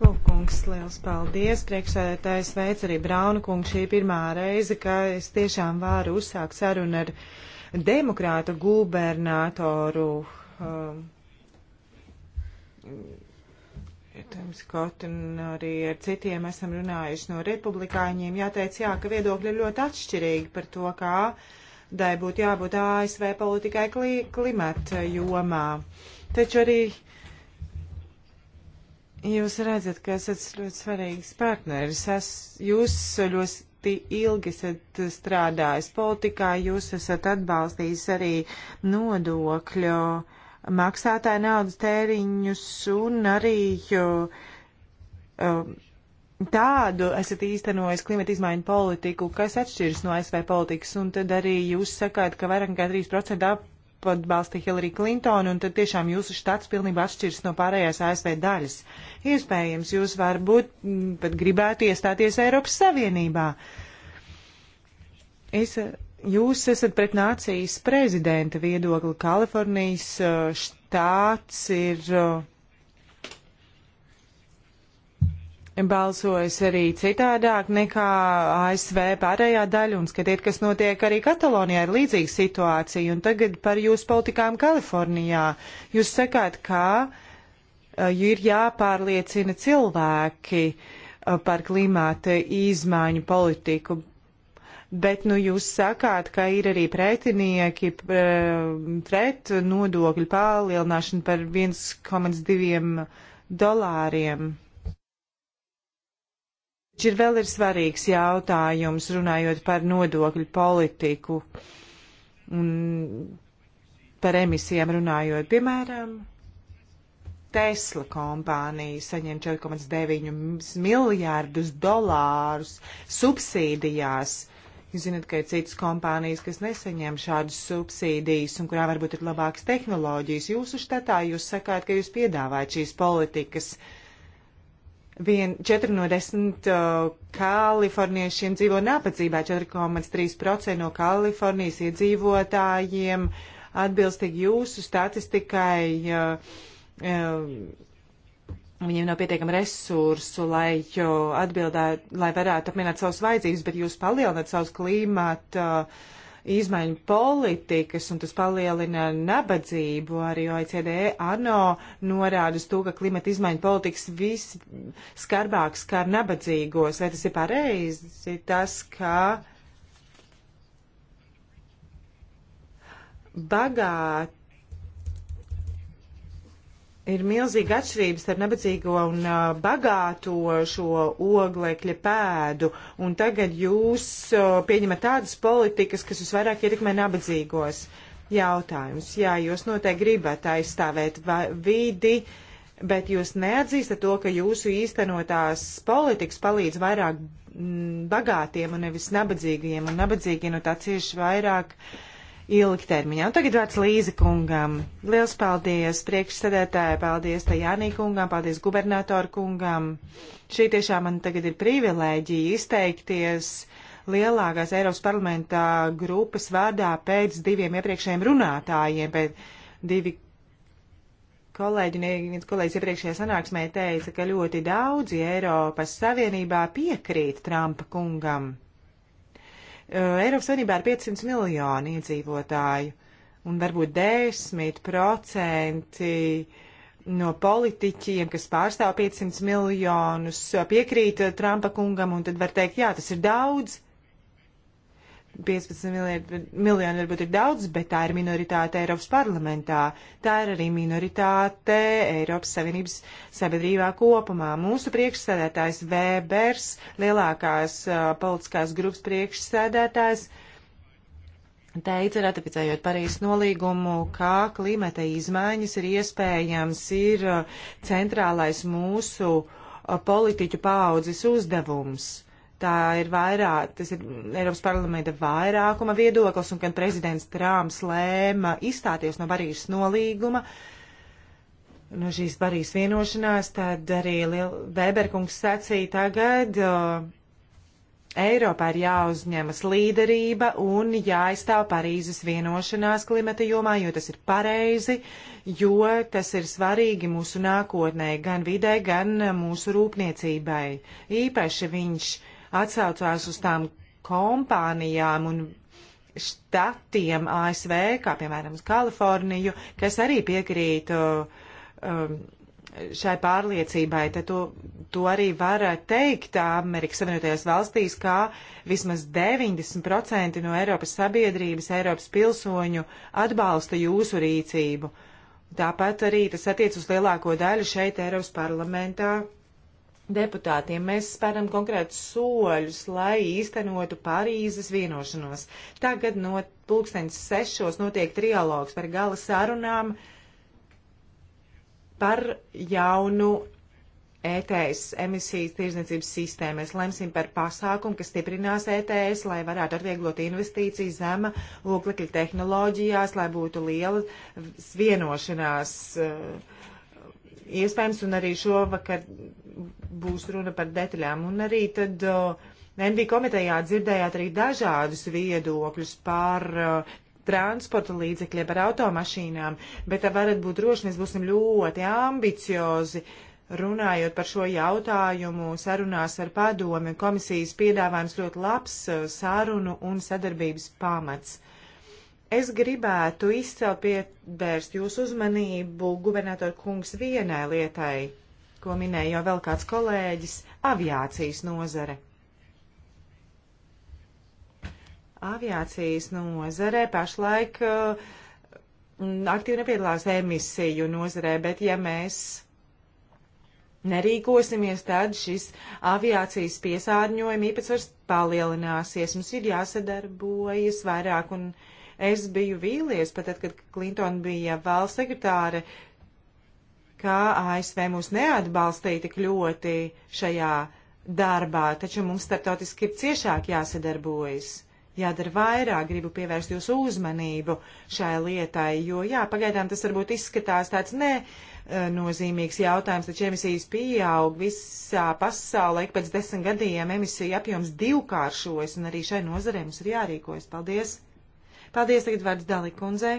Lūkungs, liels paldies. Priekšsēdētājs veic arī Brauna kungs. Šī pirmā reize, ka es tiešām varu uzsākt sarunu ar demokrātu gubernatoru. Um, Skotu un arī ar citiem esam runājuši no republikāņiem. Jāteic, jā, ka viedokļi ir ļoti atšķirīgi par to, kā dai būtu jābūt ASV politikai kli, klimata jomā. Taču arī Jūs redzat, ka esat ļoti svarīgs partneris. Es, jūs ļoti ilgi esat strādājis politikā, jūs esat atbalstījis arī nodokļu maksātāju naudas tēriņus un arī jo, um, tādu esat īstenojis klimata izmaiņu politiku, kas atšķiras no ASV politikas, un tad arī jūs sakāt, ka vairāk nekā 3% atbalsta Hillary Clinton, un tad tiešām jūsu štats pilnībā atšķirs no pārējās ASV daļas. Iespējams, jūs varbūt mm, pat gribētu iestāties Eiropas Savienībā. Es, eh, jūs esat pret nācijas prezidenta viedokli. Kalifornijas eh, štāts ir eh, balsojas arī citādāk nekā ASV pārējā daļa, un skatiet, kas notiek arī Katalonijā, ir līdzīga situācija. Un tagad par jūsu politikām Kalifornijā. Jūs sakāt, ka uh, ir jāpārliecina cilvēki uh, par klimāta izmaiņu politiku. Bet, nu, jūs sakāt, ka ir arī pretinieki e, pret nodokļu palielināšanu par 1,2 dolāriem ir vēl ir svarīgs jautājums, runājot par nodokļu politiku un par emisijām runājot. Piemēram, Tesla kompānija saņem 4,9 miljārdus dolārus subsīdijās. Jūs zināt, ka ir citas kompānijas, kas nesaņem šādas subsīdijas un kurām varbūt ir labākas tehnoloģijas. Jūsu štatā jūs sakāt, ka jūs piedāvājat šīs politikas uh, Vien 4 no 10 uh, kaliforniešiem dzīvo nabadzībā, 4,3% no Kalifornijas iedzīvotājiem atbilstīgi jūsu statistikai. Uh, uh, viņiem nav pietiekami resursu, lai atbildētu, lai varētu apmienāt savas vajadzības, bet jūs palielināt savus klīmātu uh, izmaiņu politikas, un tas palielina nabadzību. Arī OECD ANO norāda uz to, ka klimata izmaiņu politikas visskarbāk skar nabadzīgos. Vai tas ir pareizi? Tas, ka bagāti ir milzīga atšķirības starp nebadzīgo un uh, bagāto šo oglekļa pēdu, un tagad jūs uh, pieņemat tādas politikas, kas visvairāk ietekmē nabadzīgos jautājumus. Jā, jūs noteikti gribat aizstāvēt vidi, bet jūs neatzīstat to, ka jūsu īstenotās politikas palīdz vairāk m, bagātiem un nevis nabadzīgiem, un nabadzīgie no tā cieši vairāk. Uh, ilgtermiņā. Un tagad vārds Līza kungam. Liels paldies priekšsēdētāji, paldies Tajānī kungam, paldies gubernatoru kungam. Šī tiešām man tagad ir privilēģija izteikties lielākās Eiropas parlamentā grupas vārdā pēc diviem iepriekšējiem runātājiem, pēc divi kolēģi, viens kolēģis iepriekšējā sanāksmē teica, ka ļoti daudzi Eiropas Savienībā piekrīt Trumpa kungam. Eh, Eiropas Savienībā ir 500 miljoni iedzīvotāju, un varbūt 10% no politiķiem, kas pārstāv 500 miljonus, eh, piekrīt eh, Trumpa kungam, un tad var teikt, jā, tas ir daudz, 15 miljoni, miljoni varbūt ir daudz, bet tā ir minoritāte Eiropas parlamentā. Tā ir arī minoritāte Eiropas Savienības sabiedrībā kopumā. Mūsu priekšsēdētājs Vēbers, lielākās uh, politiskās grupas priekšsēdētājs, teica, ratificējot Parīzes nolīgumu, kā klimata izmaiņas ir iespējams, ir centrālais mūsu uh, politiķu paudzes uzdevums tā ir vairāk, tas ir Eiropas parlamenta vairākuma viedoklis, un kad prezidents Trāms lēma izstāties no Barīžas nolīguma, no šīs Barīžas vienošanās, tad arī Vēberkungs sacīja tagad. Uh, Eiropā ir jāuzņemas līderība un jāizstāv Parīzes vienošanās klimata jomā, jo tas ir pareizi, jo tas ir svarīgi mūsu nākotnē, gan vidē, gan mūsu rūpniecībai. Īpaši viņš atsaucās uz tām kompānijām un štatiem ASV, kā piemēram uz Kaliforniju, kas arī piekrīt uh, um, šai pārliecībai, tad to, to arī var teikt Amerikas Savienotajās valstīs, kā vismaz 90% no Eiropas sabiedrības, Eiropas pilsoņu atbalsta jūsu rīcību. Tāpat arī tas attiec uz lielāko daļu šeit Eiropas parlamentā deputātiem. Mēs spēram konkrētus soļus, lai īstenotu Parīzes vienošanos. Tagad no pulksteņas sešos notiek trialogs par gala sarunām par jaunu ETS emisijas tirzniecības sistēmu. Mēs lemsim par pasākumu, kas stiprinās ETS, lai varētu atvieglot investīcijas zema oglekļa tehnoloģijās, lai būtu liela vienošanās. Uh, iespējams, un arī šovakar būs runa par detaļām. Un arī tad uh, NV komitejā dzirdējāt arī dažādus viedokļus par uh, transporta līdzekļiem, par automašīnām, bet varat būt droši, mēs būsim ļoti ambiciozi. Runājot par šo jautājumu, sarunās ar padomi, komisijas piedāvājums ļoti labs uh, sarunu un sadarbības pamats. Es gribētu izcelt pievērst jūsu uzmanību, guvernator kungs, vienai lietai ko minēja jau vēl kāds kolēģis - aviācijas nozare. Aviācijas nozare pašlaik uh, aktīvi nepiedalās emisiju nozarē, bet ja mēs nerīkosimies, tad šis aviācijas piesārņojuma īpatsvars palielināsies. Mums ir jāsadarbojas vairāk, un es biju vīlies, pat tad, kad Klintona bija valsts sekretāre, uh, ka ASV mūs neatbalstīja tik ļoti šajā darbā, taču mums starptautiski ir ciešāk jāsadarbojas. Jādara vairāk, gribu pievērst jūsu uzmanību šai lietai, jo, jā, pagaidām tas varbūt izskatās tāds ne eh, nozīmīgs jautājums, taču emisijas pieaug visā pasaulē, ik pēc desmit gadiem emisija apjoms divkāršojas, un arī šai nozarē mums ir jārīkojas. Paldies! Paldies tagad vārds Dalikundzei!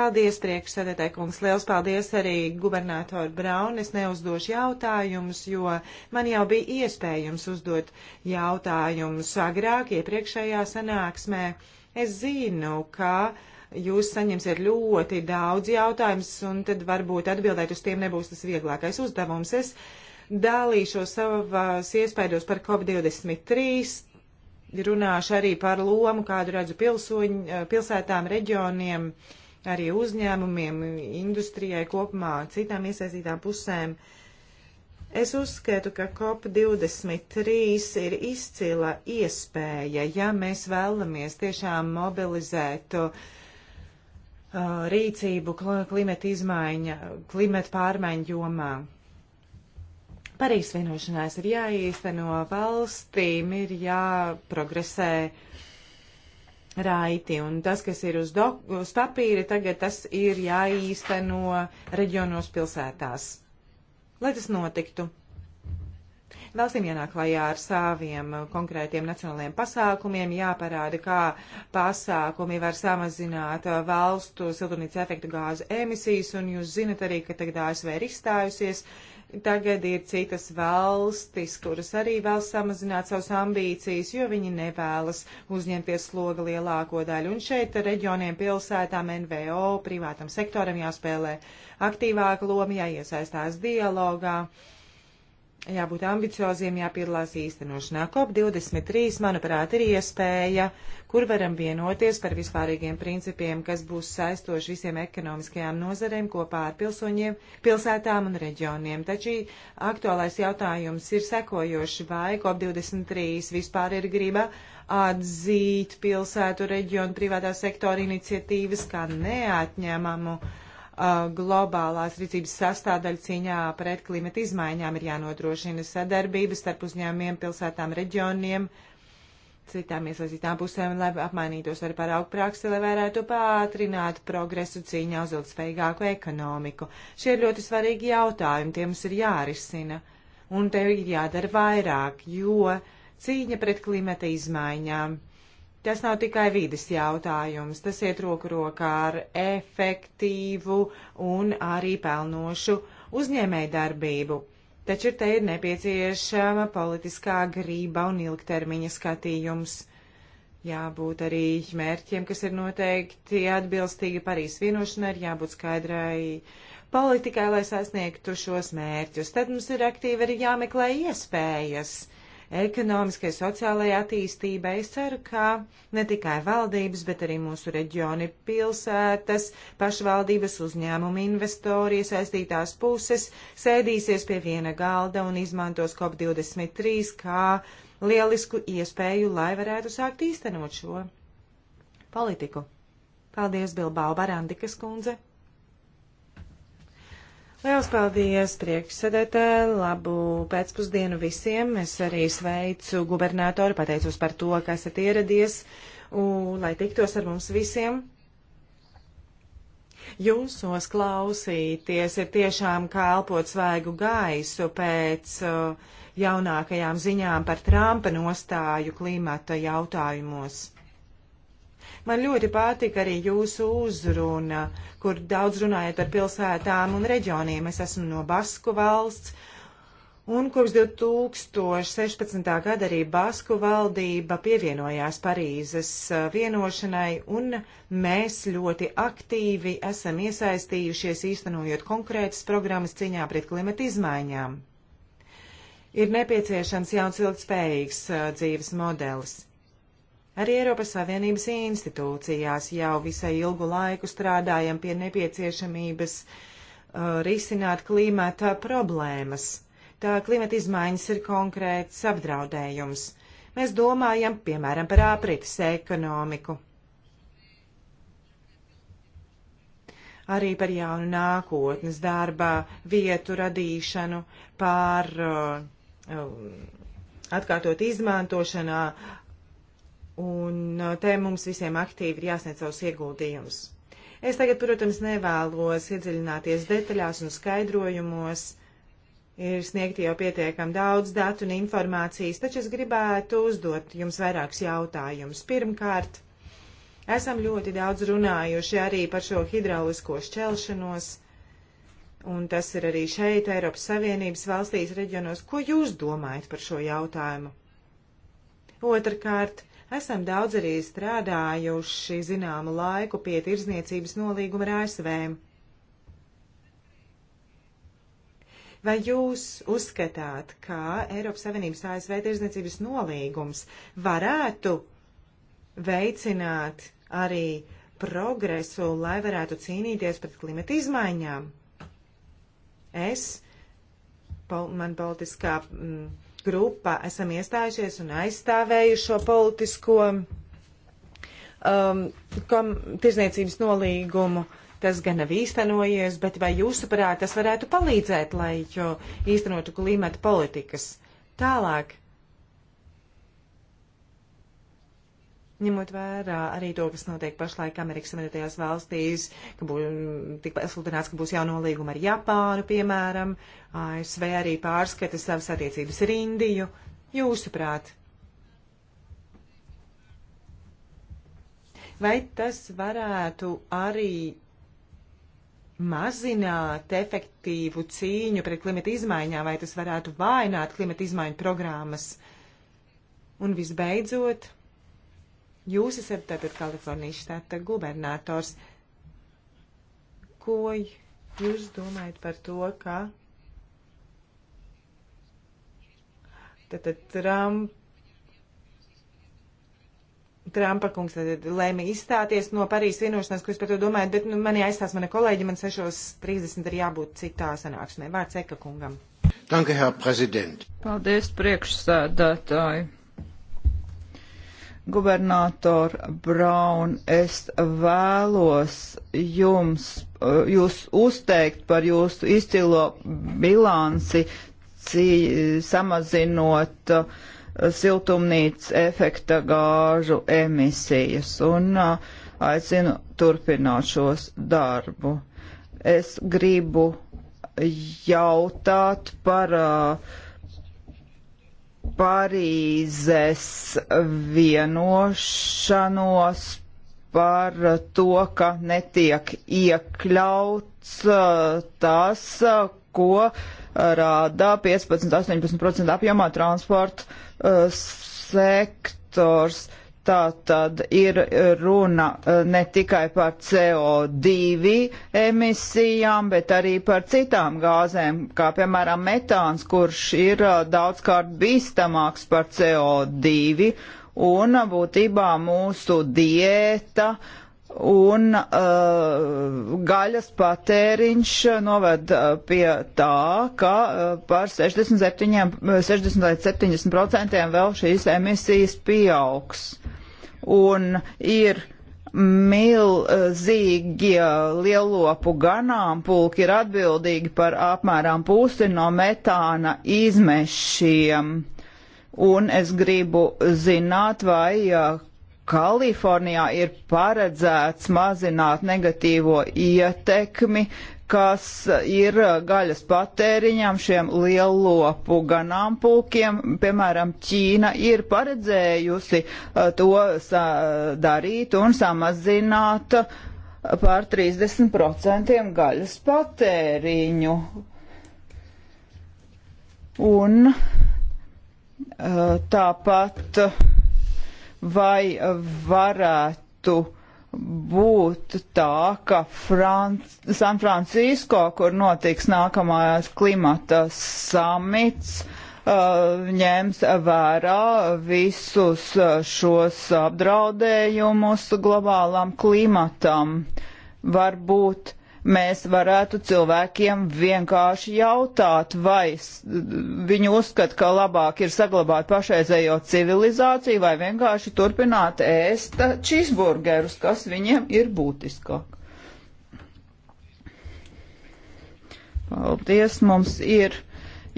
Paldies, priekšsēdētāji kungs. Liels paldies arī gubernatoru Braun. Es neuzdošu jautājumus, jo man jau bija iespējams uzdot jautājumus agrāk, iepriekšējā sanāksmē. Es zinu, ka jūs saņemsiet ļoti daudz jautājumus, un tad varbūt atbildēt uz tiem nebūs tas vieglākais uzdevums. Es dalīšos savās iespējas par COP23, runāšu arī par lomu, kādu redzu pilsoņu, pilsētām, reģioniem. Uh, arī uzņēmumiem, industrijai kopumā, citām iesaistītām pusēm. Es uzskatu, ka COP23 ir izcila iespēja, ja mēs vēlamies tiešām mobilizēt uh, rīcību klimata izmaiņa, klimata pārmaiņu jomā. Parīs vienošanās ir jāīsteno valstīm, ir jāprogresē uh, raiti, un tas, kas ir uz, do, uz papīra, tagad tas ir jāīsteno reģionos pilsētās. Lai tas notiktu. Valstīm jānāk klajā ar saviem konkrētiem nacionālajiem pasākumiem, jāparāda, kā pasākumi var samazināt valstu siltumnīca efektu gāzu emisijas, un jūs zinat arī, ka tagad ASV ir izstājusies Tagad ir citas valstis, kuras arī vēl samazināt savas ambīcijas, jo viņi nevēlas uzņemties sloga lielāko daļu. Un šeit reģioniem, pilsētām, NVO, privātam sektoram jāspēlē aktīvāka loma, jāiesaistās dialogā. Uh, jābūt ambicioziem, jāpiedalās īstenošanā. COP23, manuprāt, ir iespēja, kur varam vienoties par vispārīgiem principiem, kas būs saistoši visiem ekonomiskajām nozarēm kopā ar pilsoņiem, pilsētām un reģioniem. Taču aktuālais jautājums ir sekojoši, vai COP23 vispār ir grība atzīt pilsētu reģionu privātā sektora iniciatīvas kā neatņemamu Uh, globālās rīcības sastāvdaļa cīņā pret klimata izmaiņām ir jānodrošina sadarbības starp uzņēmumiem, pilsētām, reģioniem, citām iesaistītām pusēm, lai apmainītos ar paraugu praksi, lai varētu pātrināt progresu cīņā uz ilgspējīgāku ekonomiku. Šie ir ļoti svarīgi jautājumi, tie mums ir jārisina, un te ir jādara vairāk, jo cīņa pret klimata izmaiņām Tas nav tikai vides jautājums, tas iet roku rokā ar efektīvu un arī pelnošu uzņēmēju darbību. Taču te ir nepieciešama politiskā grība un ilgtermiņa skatījums jābūt arī mērķiem, kas ir noteikti atbilstīgi Parīzes vienošanai, ir jābūt skaidrai politikai, lai sasniegtu šos mērķus. Tad mums ir aktīvi arī jāmeklē iespējas ekonomiskai, sociālajai attīstībai. Es ceru, ka ne tikai valdības, bet arī mūsu reģioni, pilsētas, pašvaldības uzņēmumi, investori, iesaistītās puses sēdīsies pie viena galda un izmantos COP23 kā lielisku iespēju, lai varētu sākt īstenot šo politiku. Paldies, Bilbao Barandikas kundze! Liels paldies priekšsēdētāji, labu pēcpusdienu visiem. Es arī sveicu gubernatoru, pateicos par to, ka esat ieradies, un, lai tiktos ar mums visiem. Jūsos klausīties ir tiešām kā elpot svaigu gaisu pēc jaunākajām ziņām par Trumpa nostāju klimata jautājumos. Man ļoti patika arī jūsu uzruna, kur daudz runājat par pilsētām un reģioniem. Es esmu no Basku valsts. Un kopš 2016. gada arī Basku valdība pievienojās Parīzes eh, vienošanai, un mēs ļoti aktīvi esam iesaistījušies īstenojot konkrētas programmas cīņā pret klimata izmaiņām. Ir nepieciešams jauns ilgspējīgs eh, dzīves modelis. Arī Eiropas Savienības institūcijās jau visai ilgu laiku strādājam pie nepieciešamības uh, risināt klimata problēmas. Tā klimata izmaiņas ir konkrēts apdraudējums. Mēs domājam, piemēram, par aprites ekonomiku. Arī par jaunu nākotnes darbā vietu radīšanu, par uh, um, atkārtot izmantošanā, uh, Un te mums visiem aktīvi ir jāsniedz savus ieguldījumus. Es tagad, protams, nevēlos iedziļināties detaļās un skaidrojumos. Ir sniegti jau pietiekami daudz datu un informācijas, taču es gribētu uzdot jums vairākus jautājumus. Pirmkārt, esam ļoti daudz runājuši arī par šo hidraulisko šķelšanos, un tas ir arī šeit, Eiropas Savienības valstīs reģionos. Ko jūs domājat par šo jautājumu? Otrakārt, Esam daudz arī strādājuši zināmu laiku pie tirzniecības nolīguma ar ASV. Vai jūs uzskatāt, ka Eiropas Savienības ASV tirzniecības nolīgums varētu veicināt arī progresu, lai varētu cīnīties pret klimata izmaiņām? Es, pol, man politiskā. Mm, grupā esam iestājušies un aizstāvējuši šo politisko um, kom, tirzniecības nolīgumu. Tas gan nav īstenojies, bet vai jūsuprāt tas varētu palīdzēt, lai īstenotu klimata politikas? Tālāk ņemot vērā arī to, kas notiek pašlaik Amerikas Savienotajās valstīs, ka būs tik pasludināts, ka būs jaunolīguma ar Japānu, piemēram, ASV arī pārskata savas attiecības ar Indiju. Jūsuprāt, vai tas varētu arī mazināt efektīvu cīņu pret klimata izmaiņām, vai tas varētu vainot klimata izmaiņu programmas? Un visbeidzot, Jūs esat tātad Kalifornijas štata gubernators. Ko jūs domājat par to, ka tātad Trump Trumpa kungs lēma izstāties no Parīzes vienošanās, ko jūs par to domājat, bet nu, mani aizstās mani kolēģi, man 6.30 ir jābūt citā sanāksmē. Vārds Eka kungam. Danke, Herr Prezident. Paldies, priekšsēdētāji. Gubernator Braun, es vēlos jums, eh, jūs uzteikt par jūsu izcilo bilanci, cī, samazinot uh, siltumnīcas efekta gāžu emisijas un uh, aicinu turpināt šos darbu. Es gribu jautāt par uh, Parīzes vienošanos par to, ka netiek iekļauts eh, tas, ko rāda 15-18% apjomā transporta eh, sektors tā tad ir runa eh, ne tikai par CO2 emisijām, bet arī par citām gāzēm, kā piemēram metāns, kurš ir eh, daudzkārt bīstamāks par CO2, un būtībā mūsu diēta un uh, gaļas patēriņš noved pie tā, ka uh, par 67, 60 līdz 70% vēl šīs emisijas pieaugs. Uh, un ir milzīgie lielopu ganāmpulki ir atbildīgi par apmēram pusi no metāna izmešiem. Un es gribu zināt, vai uh, Kalifornijā ir paredzēts mazināt negatīvo ietekmi kas ir gaļas patēriņam šiem lielopu ganāmpulkiem. Piemēram, Ķīna ir paredzējusi uh, to darīt un samazināt par 30% gaļas patēriņu. Un uh, tāpat vai varētu būt tā, ka Franc San Francisco, kur notiks nākamās klimata samits, uh, ņems vērā visus uh, šos apdraudējumus globālam klimatam. Varbūt mēs varētu cilvēkiem vienkārši jautāt, vai viņi uzskata, ka labāk ir saglabāt pašreizējo civilizāciju vai vienkārši turpināt ēst čīsburgerus, kas viņiem ir būtiskāk. Paldies, mums ir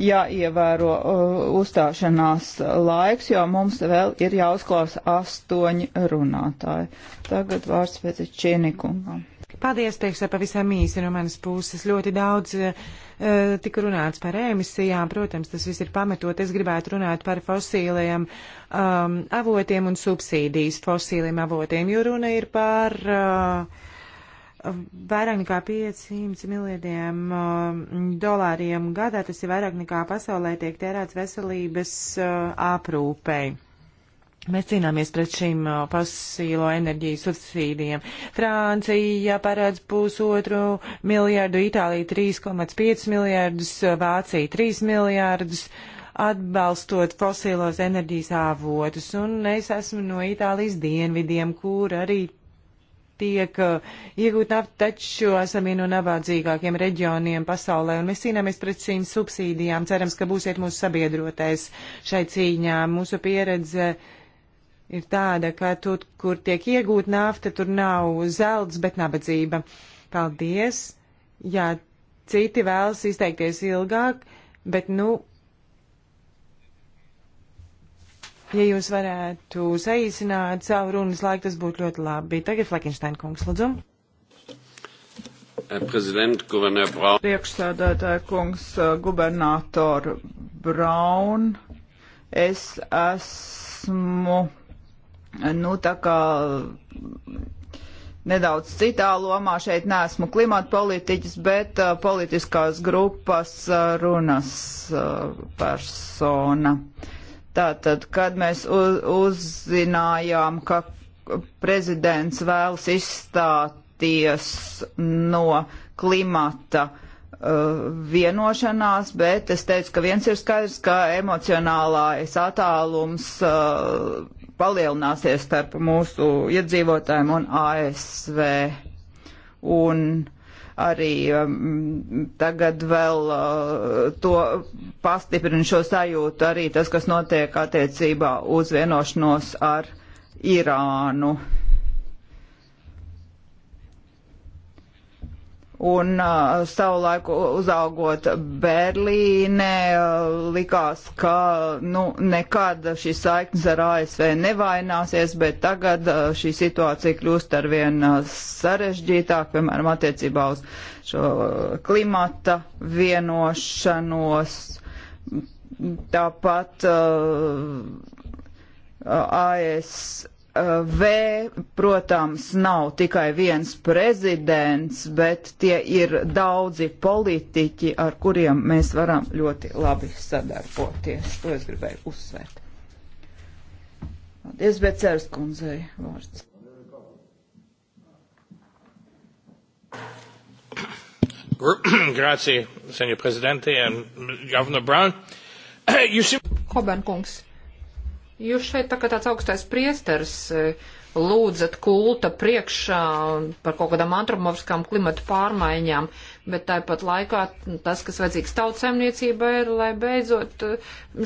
jāievēro uh, uzstāšanās laiks, jo mums vēl ir jāuzklausa astoņi runātāji. Tagad vārds pēc Čīnikungam. Paldies, priekšsē, pavisam īsi no manas puses. Ļoti daudz uh, tika runāts par emisijām. Protams, tas viss ir pamatot. Es gribētu runāt par fosīliem um, avotiem un subsīdijas fosīliem avotiem, jo runa ir par uh, vairāk nekā 500 miljardiem uh, dolāriem gadā. Tas ir vairāk nekā pasaulē tiek tērēts veselības uh, aprūpei. Mēs cīnāmies pret šīm pasīlo enerģiju subsīdijiem. Francija paredz pusotru miljardu, Itālija 3,5 miljardus, Vācija 3 miljardus atbalstot fosīlos enerģijas avotus. Un es esmu no Itālijas dienvidiem, kur arī tiek iegūt naftu, taču esam vieni no nabadzīgākiem reģioniem pasaulē. Un mēs cīnāmies pret šīm subsīdijām. Cerams, ka būsiet mūsu sabiedrotais šai cīņā. Mūsu pieredze. Uh, ir tāda, ka tur, kur tiek iegūta nafta, tur nav zelts, bet nabadzība. Paldies! Jā, citi vēlas izteikties ilgāk, bet, nu, ja jūs varētu saīsināt savu runas laiku, tas būtu ļoti labi. Tagad Flekinšteina kungs, lūdzu. Priekšsēdētāja kungs, uh, gubernātor Braun, es esmu nu, tā kā nedaudz citā lomā šeit neesmu klimata politiķis, bet uh, politiskās grupas uh, runas uh, persona. Tātad, kad mēs uz, uzzinājām, ka prezidents vēlas izstāties no klimata uh, vienošanās, bet es teicu, ka viens ir skaidrs, ka emocionālais attālums uh, palielināsies starp mūsu iedzīvotājiem un ASV. Un arī um, tagad vēl uh, to pastiprina šo sajūtu arī tas, kas notiek attiecībā uz vienošanos ar Irānu. Uh, un uh, savulaiku uzaugot Berlīnē, uh, likās, ka nu, nekad šīs saiknes ar ASV nevaināsies, bet tagad uh, šī situācija kļūst arvien uh, sarežģītāk, piemēram, attiecībā uz šo uh, klimata vienošanos. Tāpat uh, ASV V, protams, nav tikai viens prezidents, bet tie ir daudzi politiķi, ar kuriem mēs varam ļoti labi sadarboties. To es gribēju uzsvērt. Paldies, Beceras kundzei vārds. Grācija, senja prezidentiem, eh, Gavna Brown. Jūs... Hobenkungs, Jūs šeit tā kā tāds augstais priesters e, lūdzat kulta priekšā par kaut kādām antropomorfiskām klimatu pārmaiņām, bet tāpat laikā tas, kas vajadzīgs tautsēmniecībai, ir, lai beidzot e,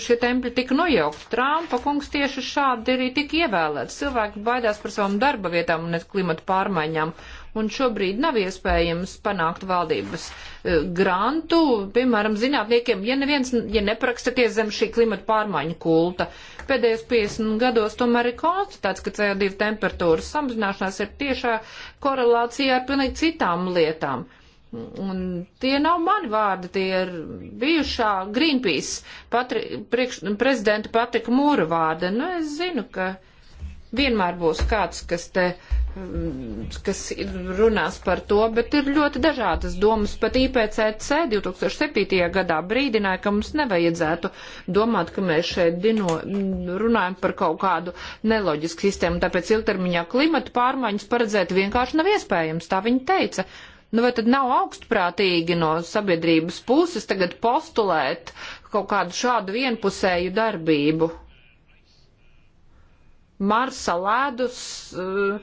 šie templi tika nojaukti. Trumpa kungs tieši šādi arī tika ievēlēts. Cilvēki baidās par savām darba vietām un klimatu pārmaiņām. Uh, un šobrīd nav iespējams panākt valdības e, grantu, piemēram, zinātniekiem, ja neviens, ja neprakstaties zem šī klimata pārmaiņu kulta. Pēdējos 50 gados tomēr ir konstatēts, ka CO2 temperatūras samazināšanās ir tiešā korelācijā ar pilnīgi citām lietām. Un tie nav mani vārdi, tie ir bijušā Greenpeace patri, priekš, prezidenta Patrika Mūra vārdi. Nu, es zinu, ka vienmēr būs kāds, kas te mm, kas runās par to, bet ir ļoti dažādas domas. Pat IPCC 2007. gadā brīdināja, ka mums nevajadzētu domāt, ka mēs šeit dino, runājam par kaut kādu neloģisku sistēmu, tāpēc ilgtermiņā klimata pārmaiņas paredzēt vienkārši nav iespējams, tā viņa teica. Nu, vai tad nav augstprātīgi no sabiedrības puses tagad postulēt kaut kādu šādu vienpusēju darbību? Marsa ledus eh,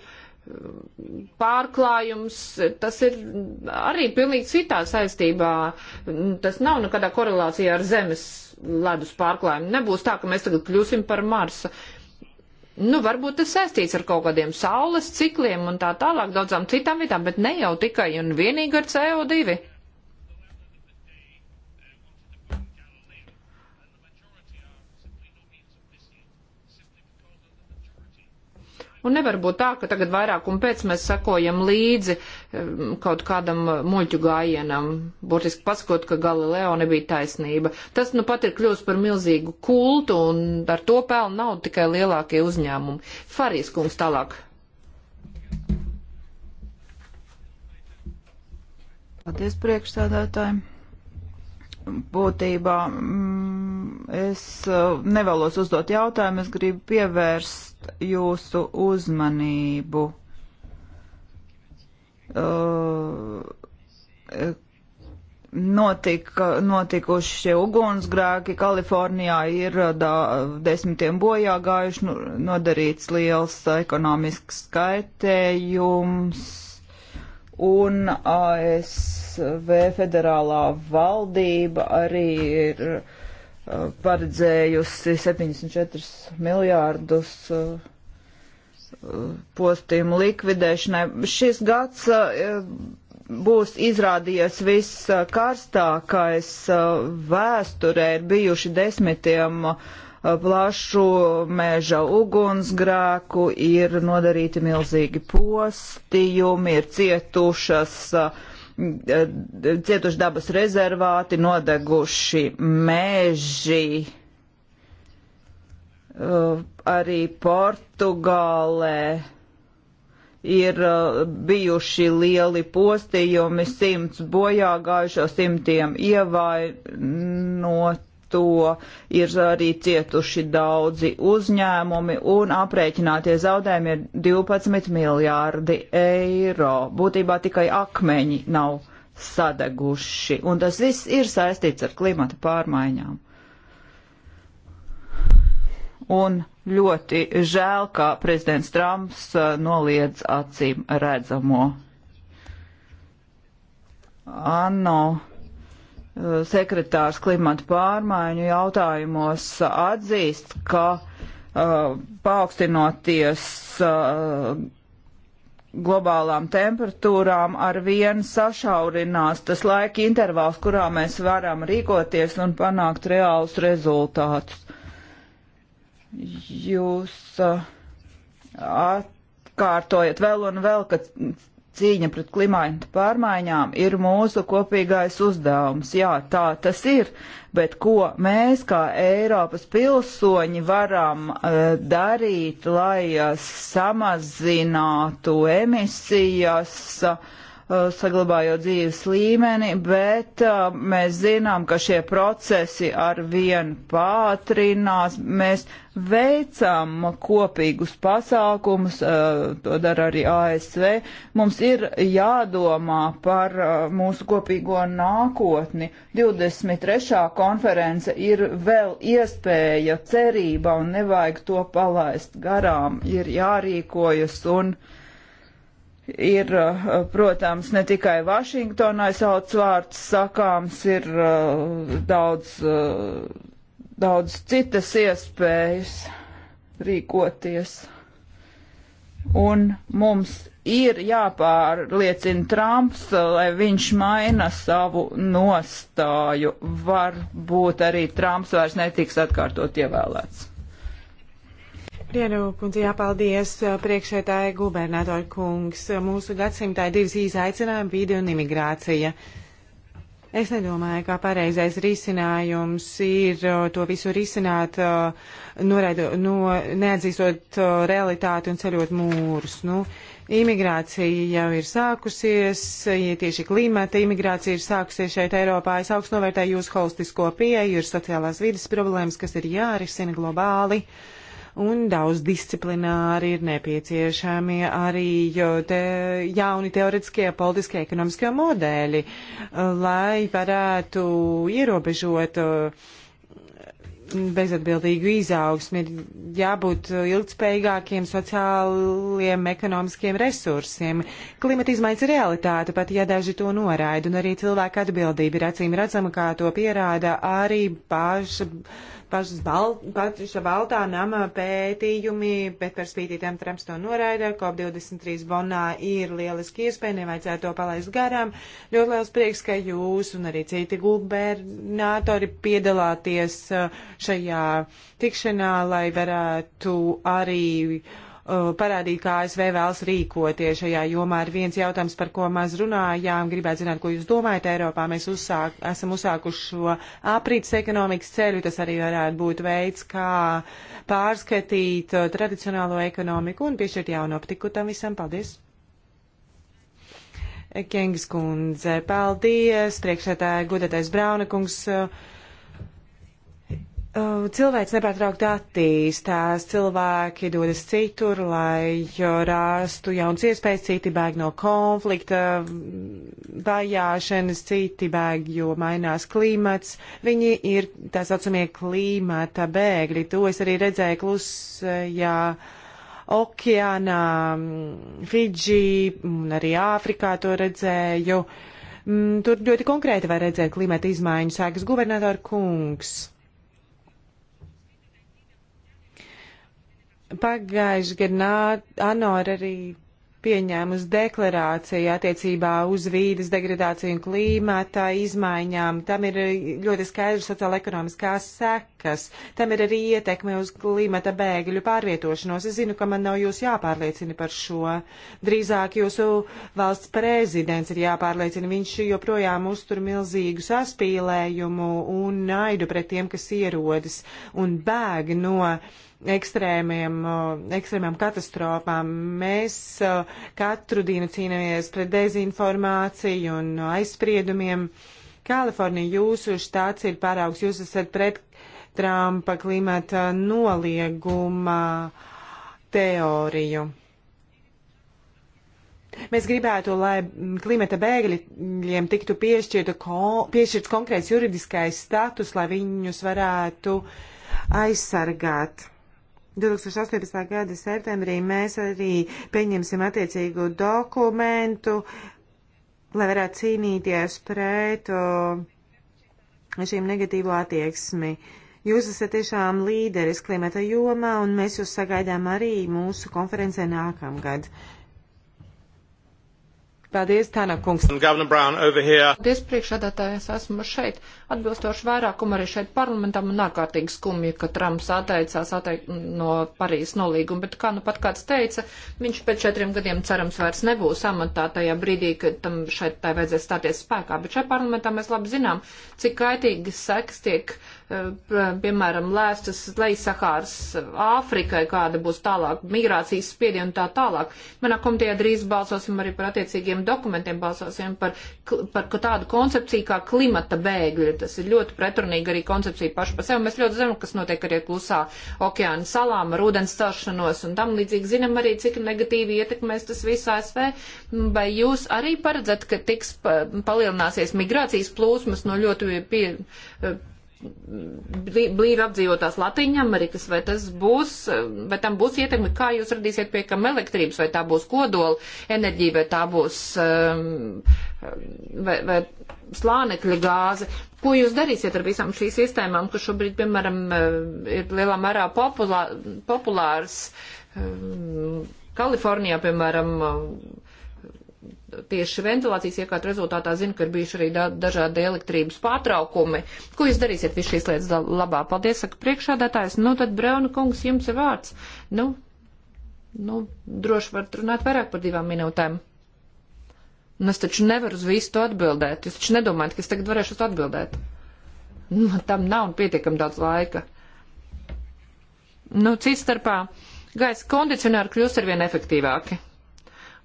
pārklājums, tas ir arī pilnīgi citā saistībā. Tas nav nekādā korelācijā ar Zemes ledus pārklājumu. Nebūs tā, ka mēs tagad kļūsim par Marsa. Nu, varbūt tas saistīts ar kaut kādiem saules cikliem un tā tālāk daudzām citām vietām, bet ne jau tikai un vienīgi ar CO2. Un nevar būt tā, ka tagad vairāk un pēc mēs sakojam līdzi kaut kādam muļķu gājienam, būtiski pasakot, ka Galileo nebija taisnība. Tas nu pat ir kļūst par milzīgu kultu un ar to pelnu nav tikai lielākie uzņēmumi. Farijas kungs tālāk. Paldies priekšstādātājiem būtībā mm, es uh, nevēlos uzdot jautājumu, es gribu pievērst jūsu uzmanību. Uh, notika, notikuši šie ugunsgrēki Kalifornijā, ir uh, da, desmitiem bojā gājuši, nu, nodarīts liels ekonomisks skaitējums, un es ASV federālā valdība arī ir uh, paredzējusi 74 miljārdus uh, uh, postījumu likvidēšanai. Šis gads būs izrādījies viskarstākais vēsturē, ir bijuši desmitiem plašu meža ugunsgrēku, ir nodarīti milzīgi postījumi, ir cietušas uh, Eh, cietuši dabas rezervāti, nodeguši meži. Eh, arī Portugālē ir eh, bijuši lieli postījumi, simts bojā gājušo, simtiem ievainot to ir arī cietuši daudzi uzņēmumi un aprēķinātie zaudējumi ir 12 miljārdi eiro. Būtībā tikai akmeņi nav sadeguši, un tas viss ir saistīts ar klimata pārmaiņām. Un ļoti žēl, kā prezidents Trumps uh, noliedz acīm redzamo. Anno. Ah, sekretārs klimata pārmaiņu jautājumos atzīst, ka uh, paaugstinoties uh, globālām temperatūrām ar vienu sašaurinās tas laika intervāls, kurā mēs varam rīkoties un panākt reālus rezultātus. Jūs uh, atkārtojat vēl un vēl, ka cīņa pret klimatu pārmaiņām ir mūsu kopīgais uzdevums. Jā, tā tas ir, bet ko mēs kā Eiropas pilsoņi varam uh, darīt, lai uh, samazinātu emisijas? Uh, Uh, saglabājot dzīves līmeni, bet uh, mēs zinām, ka šie procesi ar vien pātrinās. Mēs veicam kopīgus pasākumus, uh, to dara arī ASV. Mums ir jādomā par mūsu kopīgo nākotni. 23. konference ir vēl iespēja, cerība un nevajag to palaist garām. Ir jārīkojas un. Uh, ir, uh, protams, ne tikai Vašingtonai sauc vārds sakāms, ir uh, daudz, uh, daudz citas iespējas rīkoties. Un mums ir jāpārliecina Trumps, lai viņš maina savu nostāju. Varbūt arī Trumps vairs netiks atkārtot ievēlēts. Dienu, kundze, jāpaldies priekšētāji gubernatori kungs. Mūsu gadsimtā ir divas izaicinājumi - vīdi un imigrācija. Es nedomāju, kā pareizais risinājums ir to visu risināt, noraidu, no, neatzīstot realitāti un ceļot mūrus. Nu, imigrācija jau ir sākusies, ja tieši klimata imigrācija ir sākusies šeit Eiropā. Es augstu novērtēju jūsu holistisko pieeju, ir sociālās vidas problēmas, kas ir jārisina globāli. Uh, un daudz disciplināri ir nepieciešami arī te, jauni teoretiskie, politiskie, ekonomiskie modeļi, uh, lai varētu ierobežot uh, bezatbildīgu izaugsmu, ir jābūt ilgspējīgākiem sociāliem, ekonomiskiem resursiem. Klimata izmaiņas ir realitāte, pat ja daži to noraida, un arī cilvēka atbildība ir acīm redzama, kā to pierāda arī paša pašas bal, paša baltā nama pētījumi, bet par spīti tam Trumps to noraida. COP23 Bonā ir lieliski iespēja, nevajadzētu to palaist garām. Ļoti liels prieks, ka jūs un arī citi gubernatori piedalāties šajā tikšanā, lai varētu arī. Uh, Uh, parādīt, kā ASV vēlas rīkoties šajā jomā. Ir viens jautājums, par ko maz runājām. Gribētu zināt, ko jūs domājat Eiropā. Mēs uzsāk, esam uzsākuši šo aprīts ekonomikas ceļu. Tas arī varētu būt veids, kā pārskatīt uh, tradicionālo ekonomiku un piešķirt jaunu optiku tam visam. Paldies! Kengas kundze, paldies, priekšētāja gudatais Brauna kungs. Uh, Uh, cilvēks nepārtraukti attīstās, cilvēki dodas citur, lai uh, rāstu jauns iespējas, citi bēg no konflikta, mm, vajāšanas, citi bēg, jo mainās klimats. Viņi ir tā saucamie klimata bēgļi. To es arī redzēju klusajā okeānā, mm, Fidži un arī Āfrikā to redzēju. Mm, tur ļoti konkrēti var redzēt klimata izmaiņu sākas guvernatora kungs Pagājuši gadu Anor arī pieņēmusi deklarāciju attiecībā uz vīdes degradāciju un klīmata izmaiņām. Tam ir ļoti skaidrs sociāla-ekonomiskās sekas. Tam ir arī ietekme uz klimata bēgļu pārvietošanos. Es zinu, ka man nav jūs jāpārliecina par šo. Drīzāk jūsu valsts prezidents ir jāpārliecina. Viņš joprojām uztur milzīgu saspīlējumu un naidu pret tiem, kas ierodas un bēg no ekstrēmiem, ekstrēmām katastrofām. Mēs katru dienu cīnāmies pret dezinformāciju un aizspriedumiem. Kalifornija jūsu štāts ir pāraugs, jūs esat pret Trumpa klimata nolieguma teoriju. Mēs gribētu, lai klimata bēgļiem tiktu piešķirta, ko, piešķirts konkrēts juridiskais status, lai viņus varētu aizsargāt. 2018. gada septembrī mēs arī pieņemsim attiecīgu dokumentu, lai varētu cīnīties pret šīm negatīvo attieksmi. Jūs esat tiešām līderis klimata jomā, un mēs jūs sagaidām arī mūsu konferencē nākamgad. Paldies, Tāna kungs. Paldies, priekšādātājs, esmu šeit. Atbilstoši vairākumu arī šeit parlamentam un ārkārtīgi skumji, ka Trumps atteicās atteik no Parīzes nolīguma, bet kā nu pat kāds teica, viņš pēc četriem gadiem cerams vairs nebūs amatā tajā brīdī, kad tam šeit tā vajadzēs stāties spēkā. Bet šajā parlamentā mēs labi zinām, cik kaitīgi seks tiek, eh, piemēram, lēstas lejasahāras eh, Āfrikai, kāda būs tālāk migrācijas spiediena un tā tālāk. Manā komitejā drīz balsosim arī par attiecīgiem šiem dokumentiem balsosim par, par tādu koncepciju kā klimata bēgļi. Tas ir ļoti pretrunīgi arī koncepcija paša par sevi. Mēs ļoti zinām, kas notiek arī klusā okeāna salām ar ūdens celšanos un tam līdzīgi zinām arī, cik negatīvi ietekmēs tas viss ASV. Vai jūs arī paredzat, ka tiks palielināsies migrācijas plūsmas no ļoti pie, blīvi apdzīvotās Latīņamerikas, vai tas būs, vai tam būs ietekme, kā jūs radīsiet piekam elektrības, vai tā būs kodola enerģija, vai tā būs um, vai, vai slānekļa gāze. Ko jūs darīsiet ar visām šīs sistēmām, kas šobrīd, piemēram, eh, ir lielā mērā populā, populārs um, Kalifornijā, piemēram, tieši ventilācijas iekārta rezultātā zinu, ka ir bijuši arī da dažādi elektrības pārtraukumi. Ko jūs darīsiet visu šīs lietas labā? Paldies, saka priekšādātājs. Nu, tad Brauna kungs, jums ir vārds. Nu, nu, droši varat runāt vairāk par divām minūtēm. Un nu, es taču nevaru uz visu to atbildēt. Jūs taču nedomājat, ka es tagad varēšu uz to atbildēt. Nu, tam nav pietiekami daudz laika. Nu, cits starpā gaisa kondicionāri kļūst arvien efektīvāki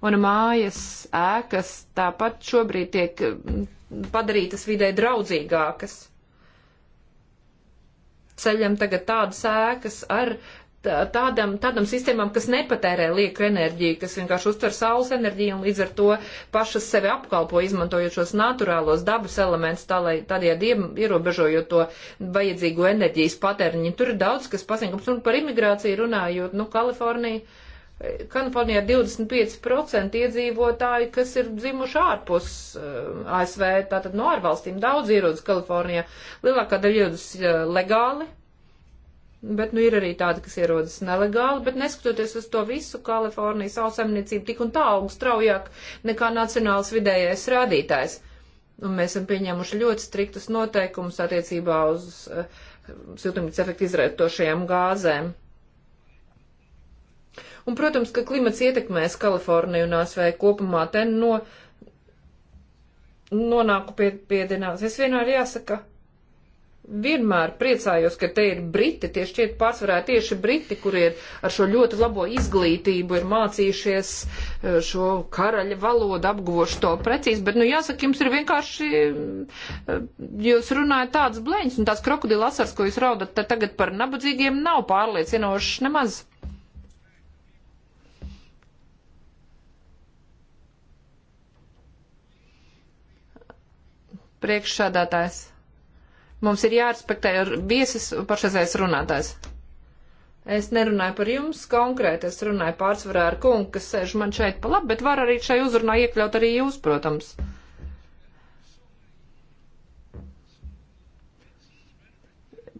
un mājas ēkas tāpat šobrīd tiek mm, padarītas vidē draudzīgākas. Ceļam tagad tādas ēkas ar tādam, tādam sistēmām, kas nepatērē lieku enerģiju, kas vienkārši uztver saules enerģiju un līdz ar to pašas sevi apkalpo, izmantojot šos naturālos dabas elementus, tā lai tādējādi ierobežojot to vajadzīgo enerģijas patēriņu. Tur ir daudz, kas pasniegums un par imigrāciju runājot, nu, Kalifornija Kalifornijā 25% iedzīvotāji, kas ir dzimuši ārpus eh, ASV, tātad no ārvalstīm daudz ierodas Kalifornijā. Lielākā daļa ierodas eh, legāli, bet nu ir arī tādi, kas ierodas nelegāli, bet neskatoties uz to visu, Kalifornijas ausemniecība tik un tā aug straujāk nekā nacionāls vidējais rādītājs. Un mēs esam pieņēmuši ļoti striktus noteikumus attiecībā uz uh, eh, siltumnīca efektu izraitošajām gāzēm. Un, protams, ka klimats ietekmēs Kaliforniju un ASV kopumā. Te no, nonāku pie piedienās. Es vienmēr jāsaka, vienmēr priecājos, ka te ir briti, tie šķiet pārsvarā tieši briti, kuri ir ar šo ļoti labo izglītību, ir mācījušies eh, šo karaļa valodu, apguvuši to precīzi, bet, nu, jāsaka, jums ir vienkārši, eh, jūs runājat tāds blēņas, un tās krokodila asars, ko jūs raudat, te tagad par nabadzīgiem nav pārliecinošs nemaz. priekšsādātājs. Mums ir jārespektē viesis pašreizējais runātājs. Es nerunāju par jums konkrēti, es runāju pārsvarā ar kungu, kas sēž man šeit pa labi, bet var arī šai uzrunā iekļaut arī jūs, protams. Uh,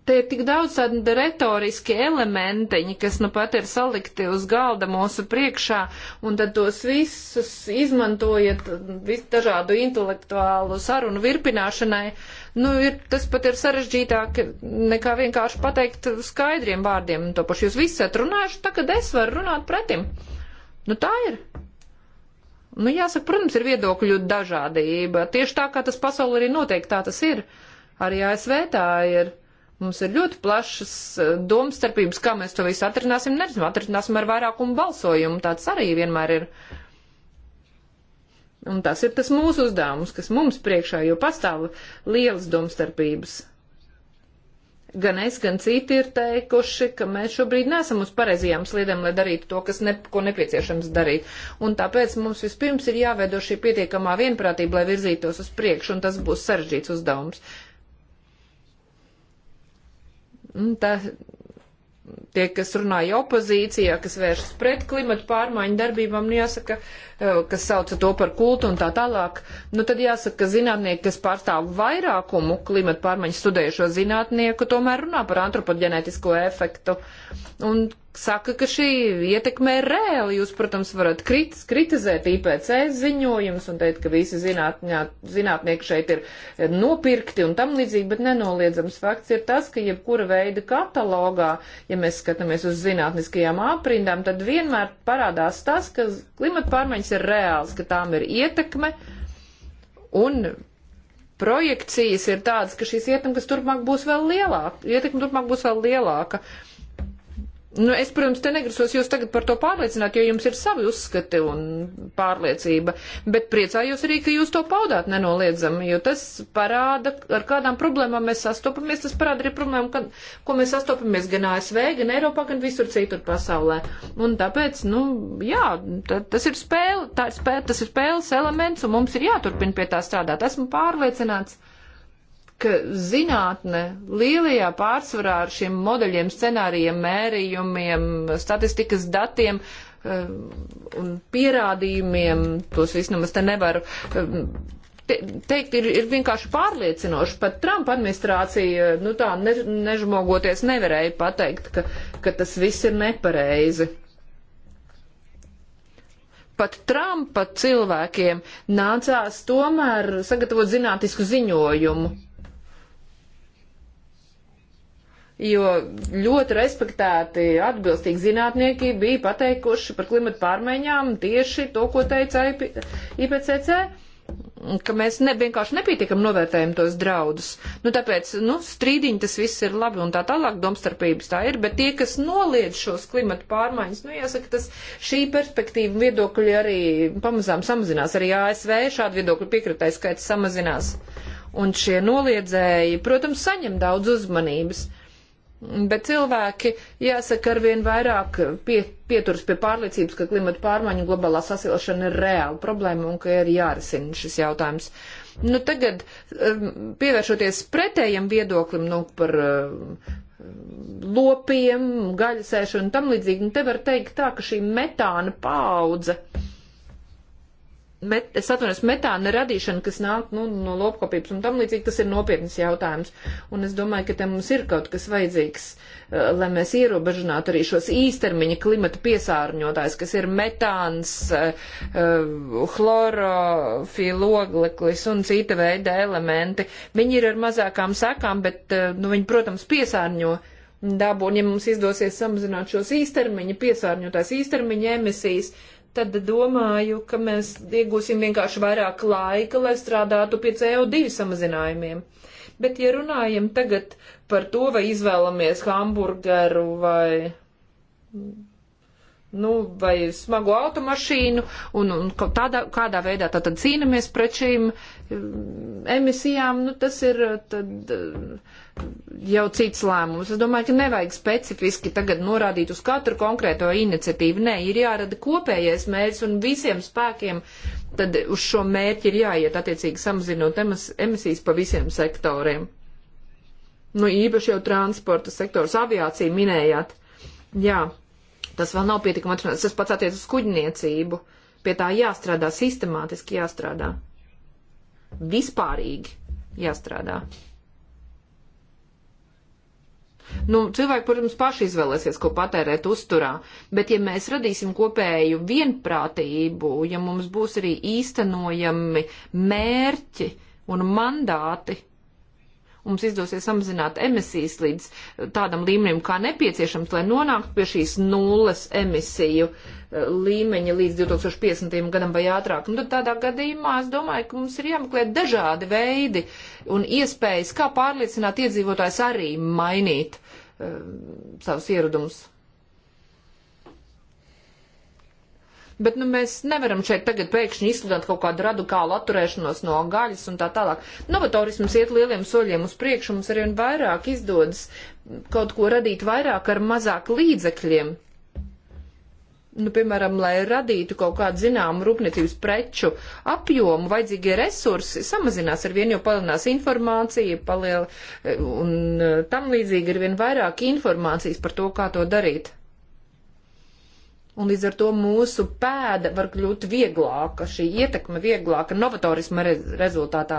Te ir tik daudz tādi retoriski elementiņi, kas nu pat ir salikti uz galda mūsu priekšā, un tad tos visus izmantojat dažādu intelektuālu sarunu virpināšanai. Nu, ir, tas pat ir sarežģītāk nekā vienkārši pateikt skaidriem vārdiem. To pašu jūs visi esat runājuši, tagad es varu runāt pretim. Nu, tā ir. Nu, jāsaka, protams, ir viedokļu dažādība. Tieši tā, kā tas pasauli arī notiek, tā tas ir. Arī ASV tā ir. Uh, Mums ir ļoti plašas eh, domstarpības, kā mēs to visu atrināsim, nezinu, atrināsim ar vairākumu balsojumu, tāds arī vienmēr ir. Un tas ir tas mūsu uzdevums, kas mums priekšā, jo pastāv lielas domstarpības. Gan es, gan citi ir teikuši, ka mēs šobrīd nesam uz pareizajām sliedēm, lai darītu to, kas ne, ko nepieciešams darīt. Un tāpēc mums vispirms ir jāveido šī pietiekamā vienprātība, lai virzītos uz priekšu, un tas būs sarežģīts uzdevums. Nu, tā, tie, kas runāja opozīcijā, kas vēršas pret klimatu pārmaiņu darbībām, nu, jāsaka, Eh, kas sauca to par kultu un tā tālāk, nu tad jāsaka, ka zinātnieki, kas pārstāv vairākumu klimata pārmaiņu studējušo zinātnieku, tomēr runā par antropoģenētisko efektu. Un saka, ka šī ietekme ir reāli. Jūs, protams, varat kritis, kritizēt IPC ziņojumus un teikt, ka visi zinātņā, zinātnieki šeit ir nopirkti un tam līdzīgi, bet nenoliedzams fakts ir tas, ka jebkura veida katalogā, ja mēs skatāmies uz zinātniskajām aprindām, tad vienmēr parādās tas, ka klimata pārmaiņas iespējams ir reāls, ka tām ir ietekme un projekcijas ir tādas, ka šīs ietekmes turpmāk būs vēl lielāka. Ietekme turpmāk būs vēl lielāka. Uh, Nu, es, protams, te negrasos jūs tagad par to pārliecināt, jo jums ir savi uzskati un pārliecība, bet priecājos arī, ka jūs to paudāt nenoliedzami, jo tas parāda, ar kādām problēmām mēs sastopamies, tas parāda arī problēmu, ka, ko mēs sastopamies gan ASV, gan Eiropā, gan visur citur pasaulē. Un tāpēc, nu, jā, tā, tas ir spēle, tā ir spēle, tas ir spēles elements, un mums ir jāturpina pie tā strādāt. Esmu pārliecināts ka zinātne lielajā pārsvarā ar šiem modeļiem, scenārijiem, mērījumiem, statistikas datiem eh, un pierādījumiem, tos vismaz te nevaru eh, te, teikt, ir, ir vienkārši pārliecinoši. Pat Trumpa administrācija, eh, nu tā, ne, nežmogoties nevarēja pateikt, ka, ka tas viss ir nepareizi pat Trumpa cilvēkiem nācās tomēr sagatavot zinātnisku ziņojumu. jo ļoti respektēti atbilstīgi zinātnieki bija pateikuši par klimatu pārmaiņām tieši to, ko teica IPCC ka mēs ne, vienkārši nepietikam novērtējam tos draudus. Nu, tāpēc, nu, strīdiņi tas viss ir labi un tā tālāk domstarpības tā ir, bet tie, kas noliedz šos klimatu pārmaiņas, nu, jāsaka, tas šī perspektīva viedokļi arī pamazām samazinās. Arī ASV šādu viedokļu piekritais skaits samazinās. Un šie noliedzēji, protams, saņem daudz uzmanības. Bet cilvēki, jāsaka, arvien vairāk pie, pieturas pie pārliecības, ka klimata pārmaiņu globālā sasilšana ir reāla problēma un ka ir jārisina šis jautājums. Nu, tagad um, pievēršoties pretējam viedoklim nu, par um, lopiem, gaļasēšanu un tam līdzīgi, nu, te var teikt tā, ka šī metāna paudze met, es atvainojos, metāna radīšana, kas nāk nu, no lopkopības un tam līdzīgi, tas ir nopietnas jautājums. Un es domāju, ka te mums ir kaut kas vajadzīgs, eh, lai mēs ierobežinātu arī šos īstermiņa klimata piesārņotājs, kas ir metāns, eh, eh, chlorofilogliklis un cita veida elementi. Viņi ir ar mazākām sekām, bet, nu, viņi, protams, piesārņo dabu, un ja mums izdosies samazināt šos īstermiņa piesārņotājs, īstermiņa emisijas, tad domāju, ka mēs iegūsim vienkārši vairāk laika, lai strādātu pie CO2 samazinājumiem. Bet, ja runājam tagad par to, vai izvēlamies hamburgeru vai, nu, vai smagu automašīnu un, un tādā, kādā veidā tad cīnamies pret šīm mm, emisijām, nu, tas ir tad. Uh, jau cits lēmums. Es domāju, ka nevajag specifiski tagad norādīt uz katru konkrēto iniciatīvu. Nē, ir jārada kopējais mērķis un visiem spēkiem tad uz šo mērķi ir jāiet attiecīgi samazinot emisijas pa visiem sektoriem. Nu, īpaši jau transporta sektors, aviācija minējāt. Jā, tas vēl nav pietiekami atrunāts. Tas pats attiec uz kuģniecību. Pie tā jāstrādā, sistemātiski jāstrādā. Vispārīgi jāstrādā. Mm. Nu, cilvēki, protams, paši izvēlēsies, ko patērēt uzturā, bet ja mēs radīsim kopēju vienprātību, ja mums būs arī īstenojami mērķi un mandāti, mums izdosies samazināt emisijas līdz eh, tādam līmenim, kā nepieciešams, lai nonāktu pie šīs nulles emisiju eh, līmeņa līdz 2050. gadam vai ātrāk. Un nu, tad tādā gadījumā es domāju, ka mums ir jāmeklē dažādi veidi un iespējas, kā pārliecināt iedzīvotājs arī mainīt uh, savus ieradumus. Bet nu, mēs nevaram šeit tagad pēkšņi izsludināt kaut kādu radikālu atturēšanos no gaļas un tā tālāk. Novatorisms iet lieliem soļiem uz priekšu, mums arvien vairāk izdodas kaut ko radīt vairāk ar mazāk līdzekļiem. Nu, piemēram, lai radītu kaut kādu zināmu rūpniecības preču apjomu, vajadzīgie resursi samazinās ar vienu, jo palielinās informācija, paliel, un eh, tam līdzīgi ir vien vairāk informācijas par to, kā to darīt. Un līdz ar to mūsu pēda var kļūt vieglāka, šī ietekme vieglāka novatorisma re rezultātā,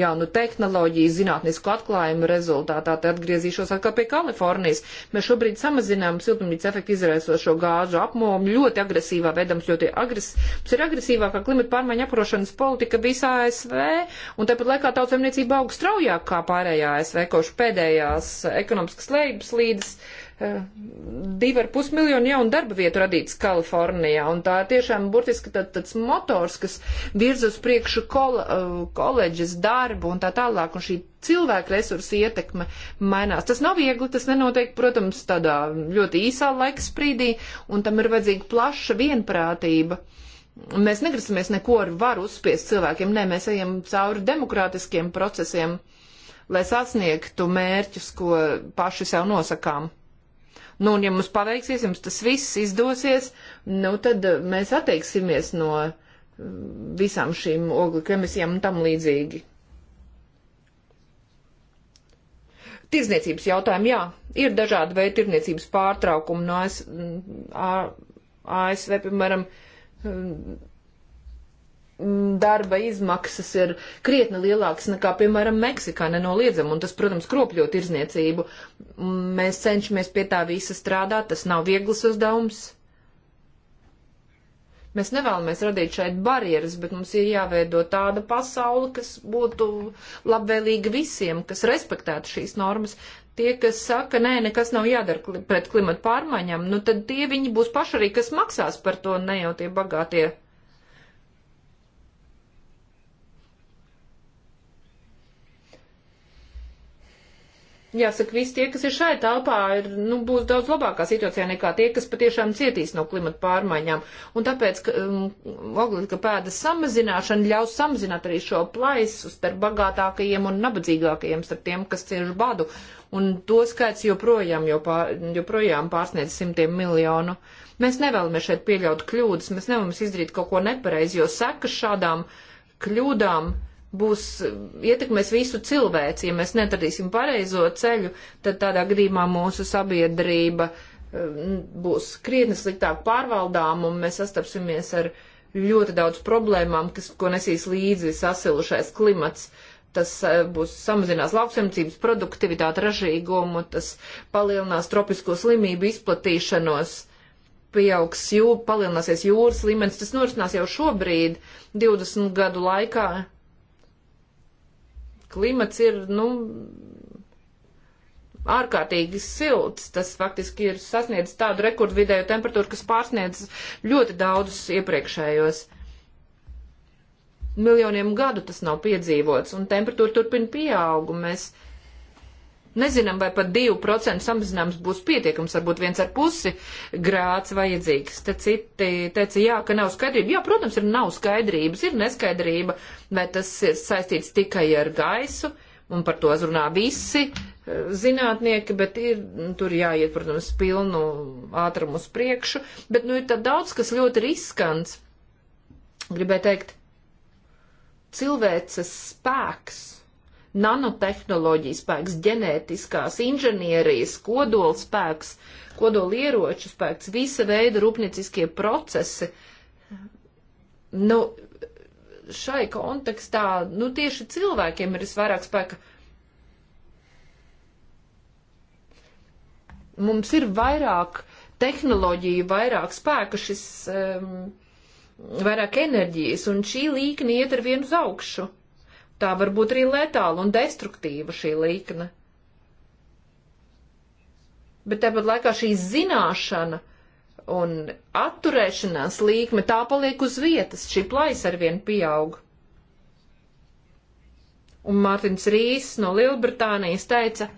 jaunu tehnoloģiju, zinātnisku atklājumu rezultātā. Te atgriezīšos atkal pie Kalifornijas. Mēs šobrīd samazinām siltumnīca efektu izraisošo gāžu apmomu ļoti agresīvā veidā. Mums ļoti agres, mums ir agresīvākā klimata pārmaiņa apkarošanas politika visā ASV, un tāpat laikā tautsēmniecība aug straujāk kā pārējā ASV, koši pēdējās ekonomiskas lejupslīdes. līdz Eh, divi ar pus miljonu jaunu darba vietu radīts Kalifornijā, un tā tiešām burtiski tad, tāds motors, kas virza uz priekšu kol, eh, koledžas darbu un tā tālāk, un šī cilvēku resursu ietekme mainās. Tas nav viegli, tas nenotiek, protams, tādā ļoti īsā laika sprīdī, un tam ir vajadzīga plaša vienprātība. Mēs negrasamies neko ar varu uzspiest cilvēkiem, nē, mēs ejam cauri demokrātiskiem procesiem, lai sasniegtu mērķus, ko paši sev nosakām. Nu, un ja mums paveiksies, jums tas viss izdosies, nu, tad eh, mēs atteiksimies no mm, visām šīm oglekļu emisijām un tam līdzīgi. Tirzniecības jautājumi, jā, ir dažādi veidi tirzniecības pārtraukumi no AS, mm, ASV, piemēram, mm, Mm, darba izmaksas ir krietni lielākas nekā, piemēram, Meksikā nenoliedzam, un tas, protams, kropļo tirzniecību. Mm, mēs cenšamies pie tā visa strādāt, tas nav viegls uzdevums. Mēs nevēlamies radīt šeit barjeras, bet mums ir jāveido tāda pasaule, kas būtu labvēlīga visiem, kas respektētu šīs normas. Tie, kas saka, nē, nekas nav jādara pret klimatu pārmaiņām, nu tad tie viņi būs paši arī, kas maksās par to, ne jau tie bagātie. Jāsaka, visi tie, kas ir šai telpā, ir, nu, būs daudz labākā situācijā nekā tie, kas patiešām cietīs no klimata pārmaiņām. Un tāpēc, ka um, oglika pēdas samazināšana ļaus samazināt arī šo plaisu starp bagātākajiem un nabadzīgākajiem, starp tiem, kas cieš badu. Un to skaits joprojām, jopār, joprojām pārsniedz simtiem miljonu. Mēs nevēlamies šeit pieļaut kļūdas, mēs nevēlamies izdarīt kaut ko nepareizi, jo sekas šādām kļūdām būs ietekmēs visu cilvēci. Ja mēs netradīsim pareizo ceļu, tad tādā gadījumā mūsu sabiedrība um, būs krietni sliktāk pārvaldām un mēs sastapsimies ar ļoti daudz problēmām, kas, ko nesīs līdzi sasilušais klimats. Tas uh, būs samazinās lauksemcības produktivitāti, ražīgumu, tas palielinās tropisko slimību izplatīšanos pieaugs jū, palielināsies jūras līmenis, tas norisinās jau šobrīd, 20 gadu laikā klimats ir, nu, ārkārtīgi silts. Tas faktiski ir sasniedzis tādu rekordvidēju temperatūru, kas pārsniedz ļoti daudzus iepriekšējos. Miljoniem gadu tas nav piedzīvots, un temperatūra turpina pieaugu. Mēs Nezinām, vai pat 2% samazinājums būs pietiekams, varbūt viens ar pusi grāds vajadzīgs. Te citi teica, jā, ka nav skaidrība. Jā, protams, ir nav skaidrības, ir neskaidrība, vai tas ir saistīts tikai ar gaisu, un par to runā visi eh, zinātnieki, bet ir, nu, tur jāiet, protams, pilnu ātrumu uz priekšu, bet nu ir tā daudz, kas ļoti riskants. Gribēju teikt, cilvēces spēks nanotehnoloģijas spēks, ģenētiskās inženierijas, kodola spēks, kodola ieroču spēks, visa veida rūpnieciskie procesi. Nu, šai kontekstā, nu, tieši cilvēkiem ir visvairāk spēka. Mums ir vairāk tehnoloģiju, vairāk spēka, šis, um, vairāk enerģijas, un šī līkne iet ar vienu uz augšu. Tā var būt arī letāla un destruktīva šī likne. Bet tāpat laikā šī zināšana un atturēšanās līkme tā paliek uz vietas, šī plaisa arvien pieaug. Un Mārtiņš Rīs no Lielbritānijas teica,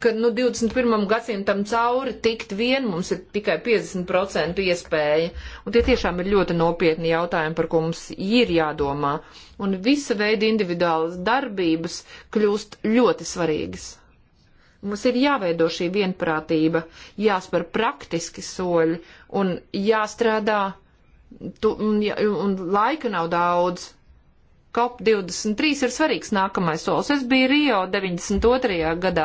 ka nu, 21. gadsimtam cauri tikt vien mums ir tikai 50% iespēja. Un tie tiešām ir ļoti nopietni jautājumi, par ko mums ir jādomā. Un visa veida individuālas darbības kļūst ļoti svarīgas. Mums ir jāveido šī vienprātība, jāspēr praktiski soļi un jāstrādā, tu, un, un laika nav daudz. COP23 ir svarīgs nākamais solis. Es biju Rio 92. gadā,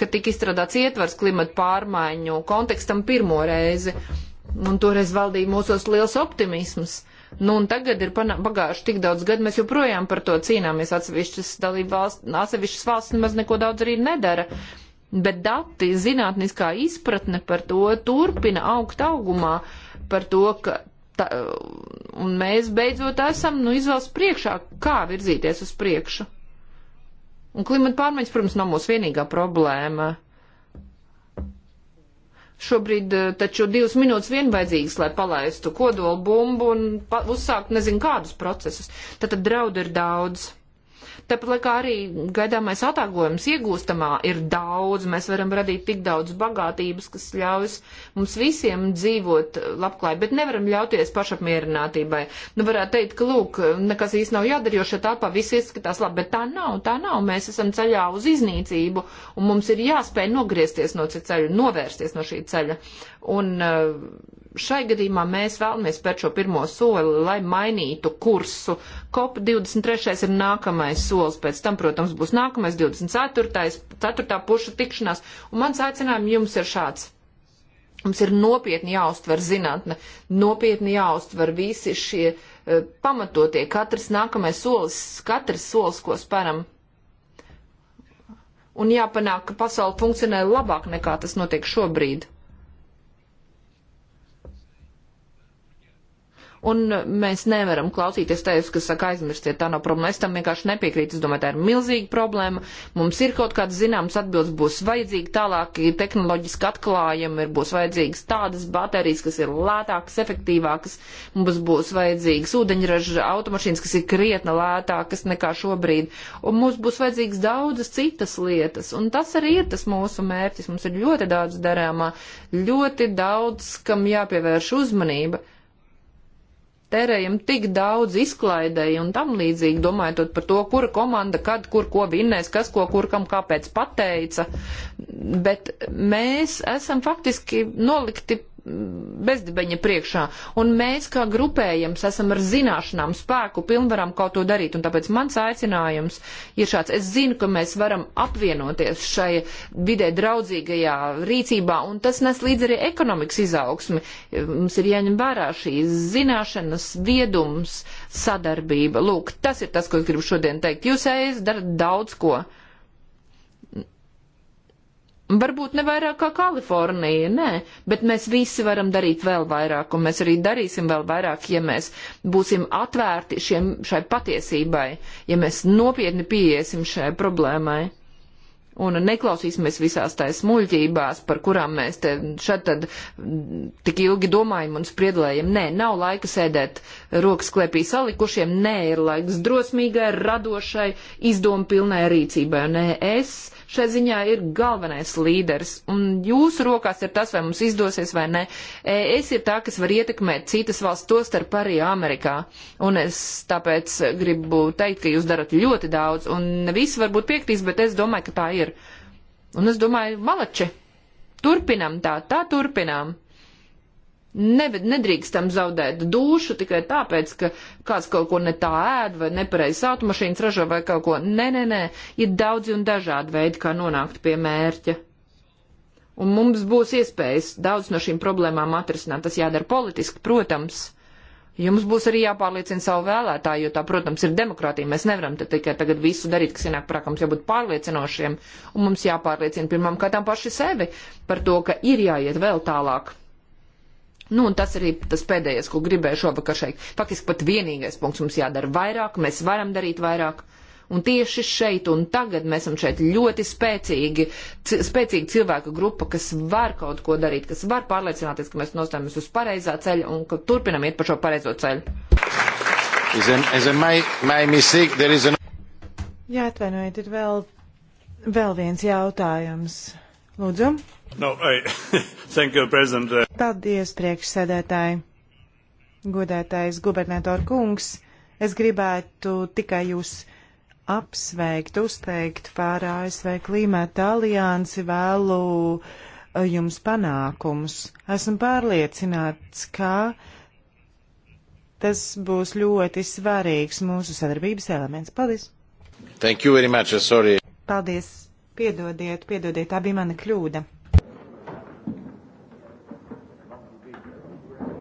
ka tika izstrādāts ietvars klimatu pārmaiņu kontekstam pirmo reizi. Un toreiz valdīja mūsos liels optimisms. Nu, un tagad ir pagājuši tik daudz gadu, mēs joprojām par to cīnāmies. Atsevišķas dalība valsts, atsevišķas valsts nemaz neko daudz arī nedara. Bet dati, zinātniskā izpratne par to turpina augt augumā, par to, ka ta, un mēs beidzot esam, nu, izvēles priekšā, kā virzīties uz priekšu. Un klimata pārmaiņas, protams, nav mūsu vienīgā problēma. Šobrīd eh, taču divas minūtes vien vajadzīgas, lai palaistu kodolu bumbu un uzsākt nezinu kādus procesus. Tātad draudu ir daudz. Tāpat laikā arī gaidāmais atāgojums iegūstamā ir daudz. Mēs varam radīt tik daudz bagātības, kas ļaus mums visiem dzīvot labklājīgi, bet nevaram ļauties pašapmierinātībai. Nu, varētu teikt, ka, lūk, nekas īsti nav jādara, jo šeit tāpā viss izskatās labi, bet tā nav, tā nav. Mēs esam ceļā uz iznīcību, un mums ir jāspēj nogriezties no ceļa, novērsties no šī ceļa. Un, uh, šai gadījumā mēs vēlamies pēc šo pirmo soli, lai mainītu kursu. COP23 ir nākamais solis, pēc tam, protams, būs nākamais 24. 4. pušu tikšanās. Un mans aicinājums jums ir šāds. Mums ir nopietni jāuztver zinātne, nopietni jāuztver visi šie uh, pamatotie, katrs nākamais solis, katrs solis, ko spēram un jāpanāk, ka pasauli funkcionē labāk nekā tas notiek šobrīd. un mēs nevaram klausīties tevis, kas saka, aizmirstiet, tā nav problēma. Es tam vienkārši nepiekrītu. Es domāju, tā ir milzīga problēma. Mums ir kaut kāds zināms atbildes, būs vajadzīgi tālāk tehnoloģiski atklājumi, ir būs vajadzīgas tādas baterijas, kas ir lētākas, efektīvākas, mums būs vajadzīgas ūdeņraža automašīnas, kas ir krietna lētākas nekā šobrīd, un mums būs vajadzīgas daudzas citas lietas, un tas arī ir tas mūsu mērķis. Mums ir ļoti daudz darāmā, ļoti daudz, kam jāpievērš uzmanība tērējam tik daudz izklaidēji un tam līdzīgi, domājot par to, kura komanda, kad, kur, ko vinnēs, kas, ko, kur, kam, kāpēc pateica, bet mēs esam faktiski nolikti bezdibeņa priekšā, un mēs kā grupējams esam ar zināšanām, spēku, pilnvaram kaut to darīt, un tāpēc mans aicinājums ir šāds. Es zinu, ka mēs varam apvienoties šai vidē draudzīgajā rīcībā, un tas nes līdz arī ekonomikas izaugsmi. Mums ir jāņem vērā šīs zināšanas, viedums, sadarbība. Lūk, tas ir tas, ko es gribu šodien teikt. Jūs ejat, darat daudz ko. Varbūt ne vairāk kā Kalifornija, nē, bet mēs visi varam darīt vēl vairāk, un mēs arī darīsim vēl vairāk, ja mēs būsim atvērti šiem, šai patiesībai, ja mēs nopietni pieiesim šai problēmai. Un neklausīsimies visās tais muļķībās, par kurām mēs te šad tad mm, tik ilgi domājam un spriedlējam. Nē, nav laika sēdēt rokas klēpī salikušiem, nē, ir laiks drosmīgai, radošai, izdompilnai rīcībai. Un nē, es šai ziņā ir galvenais līderis, un jūsu rokās ir tas, vai mums izdosies vai nē. E, es ir tā, kas var ietekmēt citas valsts, to starp arī Amerikā, un es tāpēc gribu teikt, ka jūs darat ļoti daudz, un visi varbūt piektīs, bet es domāju, ka tā ir. Un es domāju, malači, turpinam tā, tā turpinām. Ne, nedrīkstam zaudēt dušu tikai tāpēc, ka kāds kaut ko ne tā ēd vai nepareizs automašīnas ražo vai kaut ko. Nē, nē, nē, ir daudzi un dažādi veidi, kā nonākt pie mērķa. Un mums būs iespējas daudz no šīm problēmām atrisināt. Tas jādara politiski, protams. Jums būs arī jāpārliecina savu vēlētāju, jo tā, protams, ir demokrātija. Mēs nevaram te tikai tagad visu darīt, kas ienāk prātā. Mums jābūt pārliecinošiem, un mums jāpārliecina pirmām kārtām paši sevi par to, ka ir jāiet vēl tālāk Nu, un tas arī tas pēdējais, ko gribēju šovakar šeit. Faktiski pat vienīgais punkts mums jādara vairāk, mēs varam darīt vairāk. Un tieši šeit un tagad mēs esam šeit ļoti spēcīgi, spēcīga cilvēka grupa, kas var kaut ko darīt, kas var pārliecināties, ka mēs nostājamies uz pareizā ceļa un ka turpinam iet pa šo pareizo ceļu. Is a, is a my, my mistake, an... Jā, atvainojiet, ir vēl, vēl viens jautājums. Lūdzu. No, I... Thank you, President. Paldies, priekšsēdētāji. Godētais gubernator kungs, es gribētu tikai jūs apsveikt, uzteikt pār ASV klimata aliansi vēlu uh, jums panākumus. Esmu pārliecināts, ka tas būs ļoti svarīgs mūsu sadarbības elements. Paldies! Thank you very much, sorry. Paldies! Piedodiet, piedodiet, tā bija mana kļūda.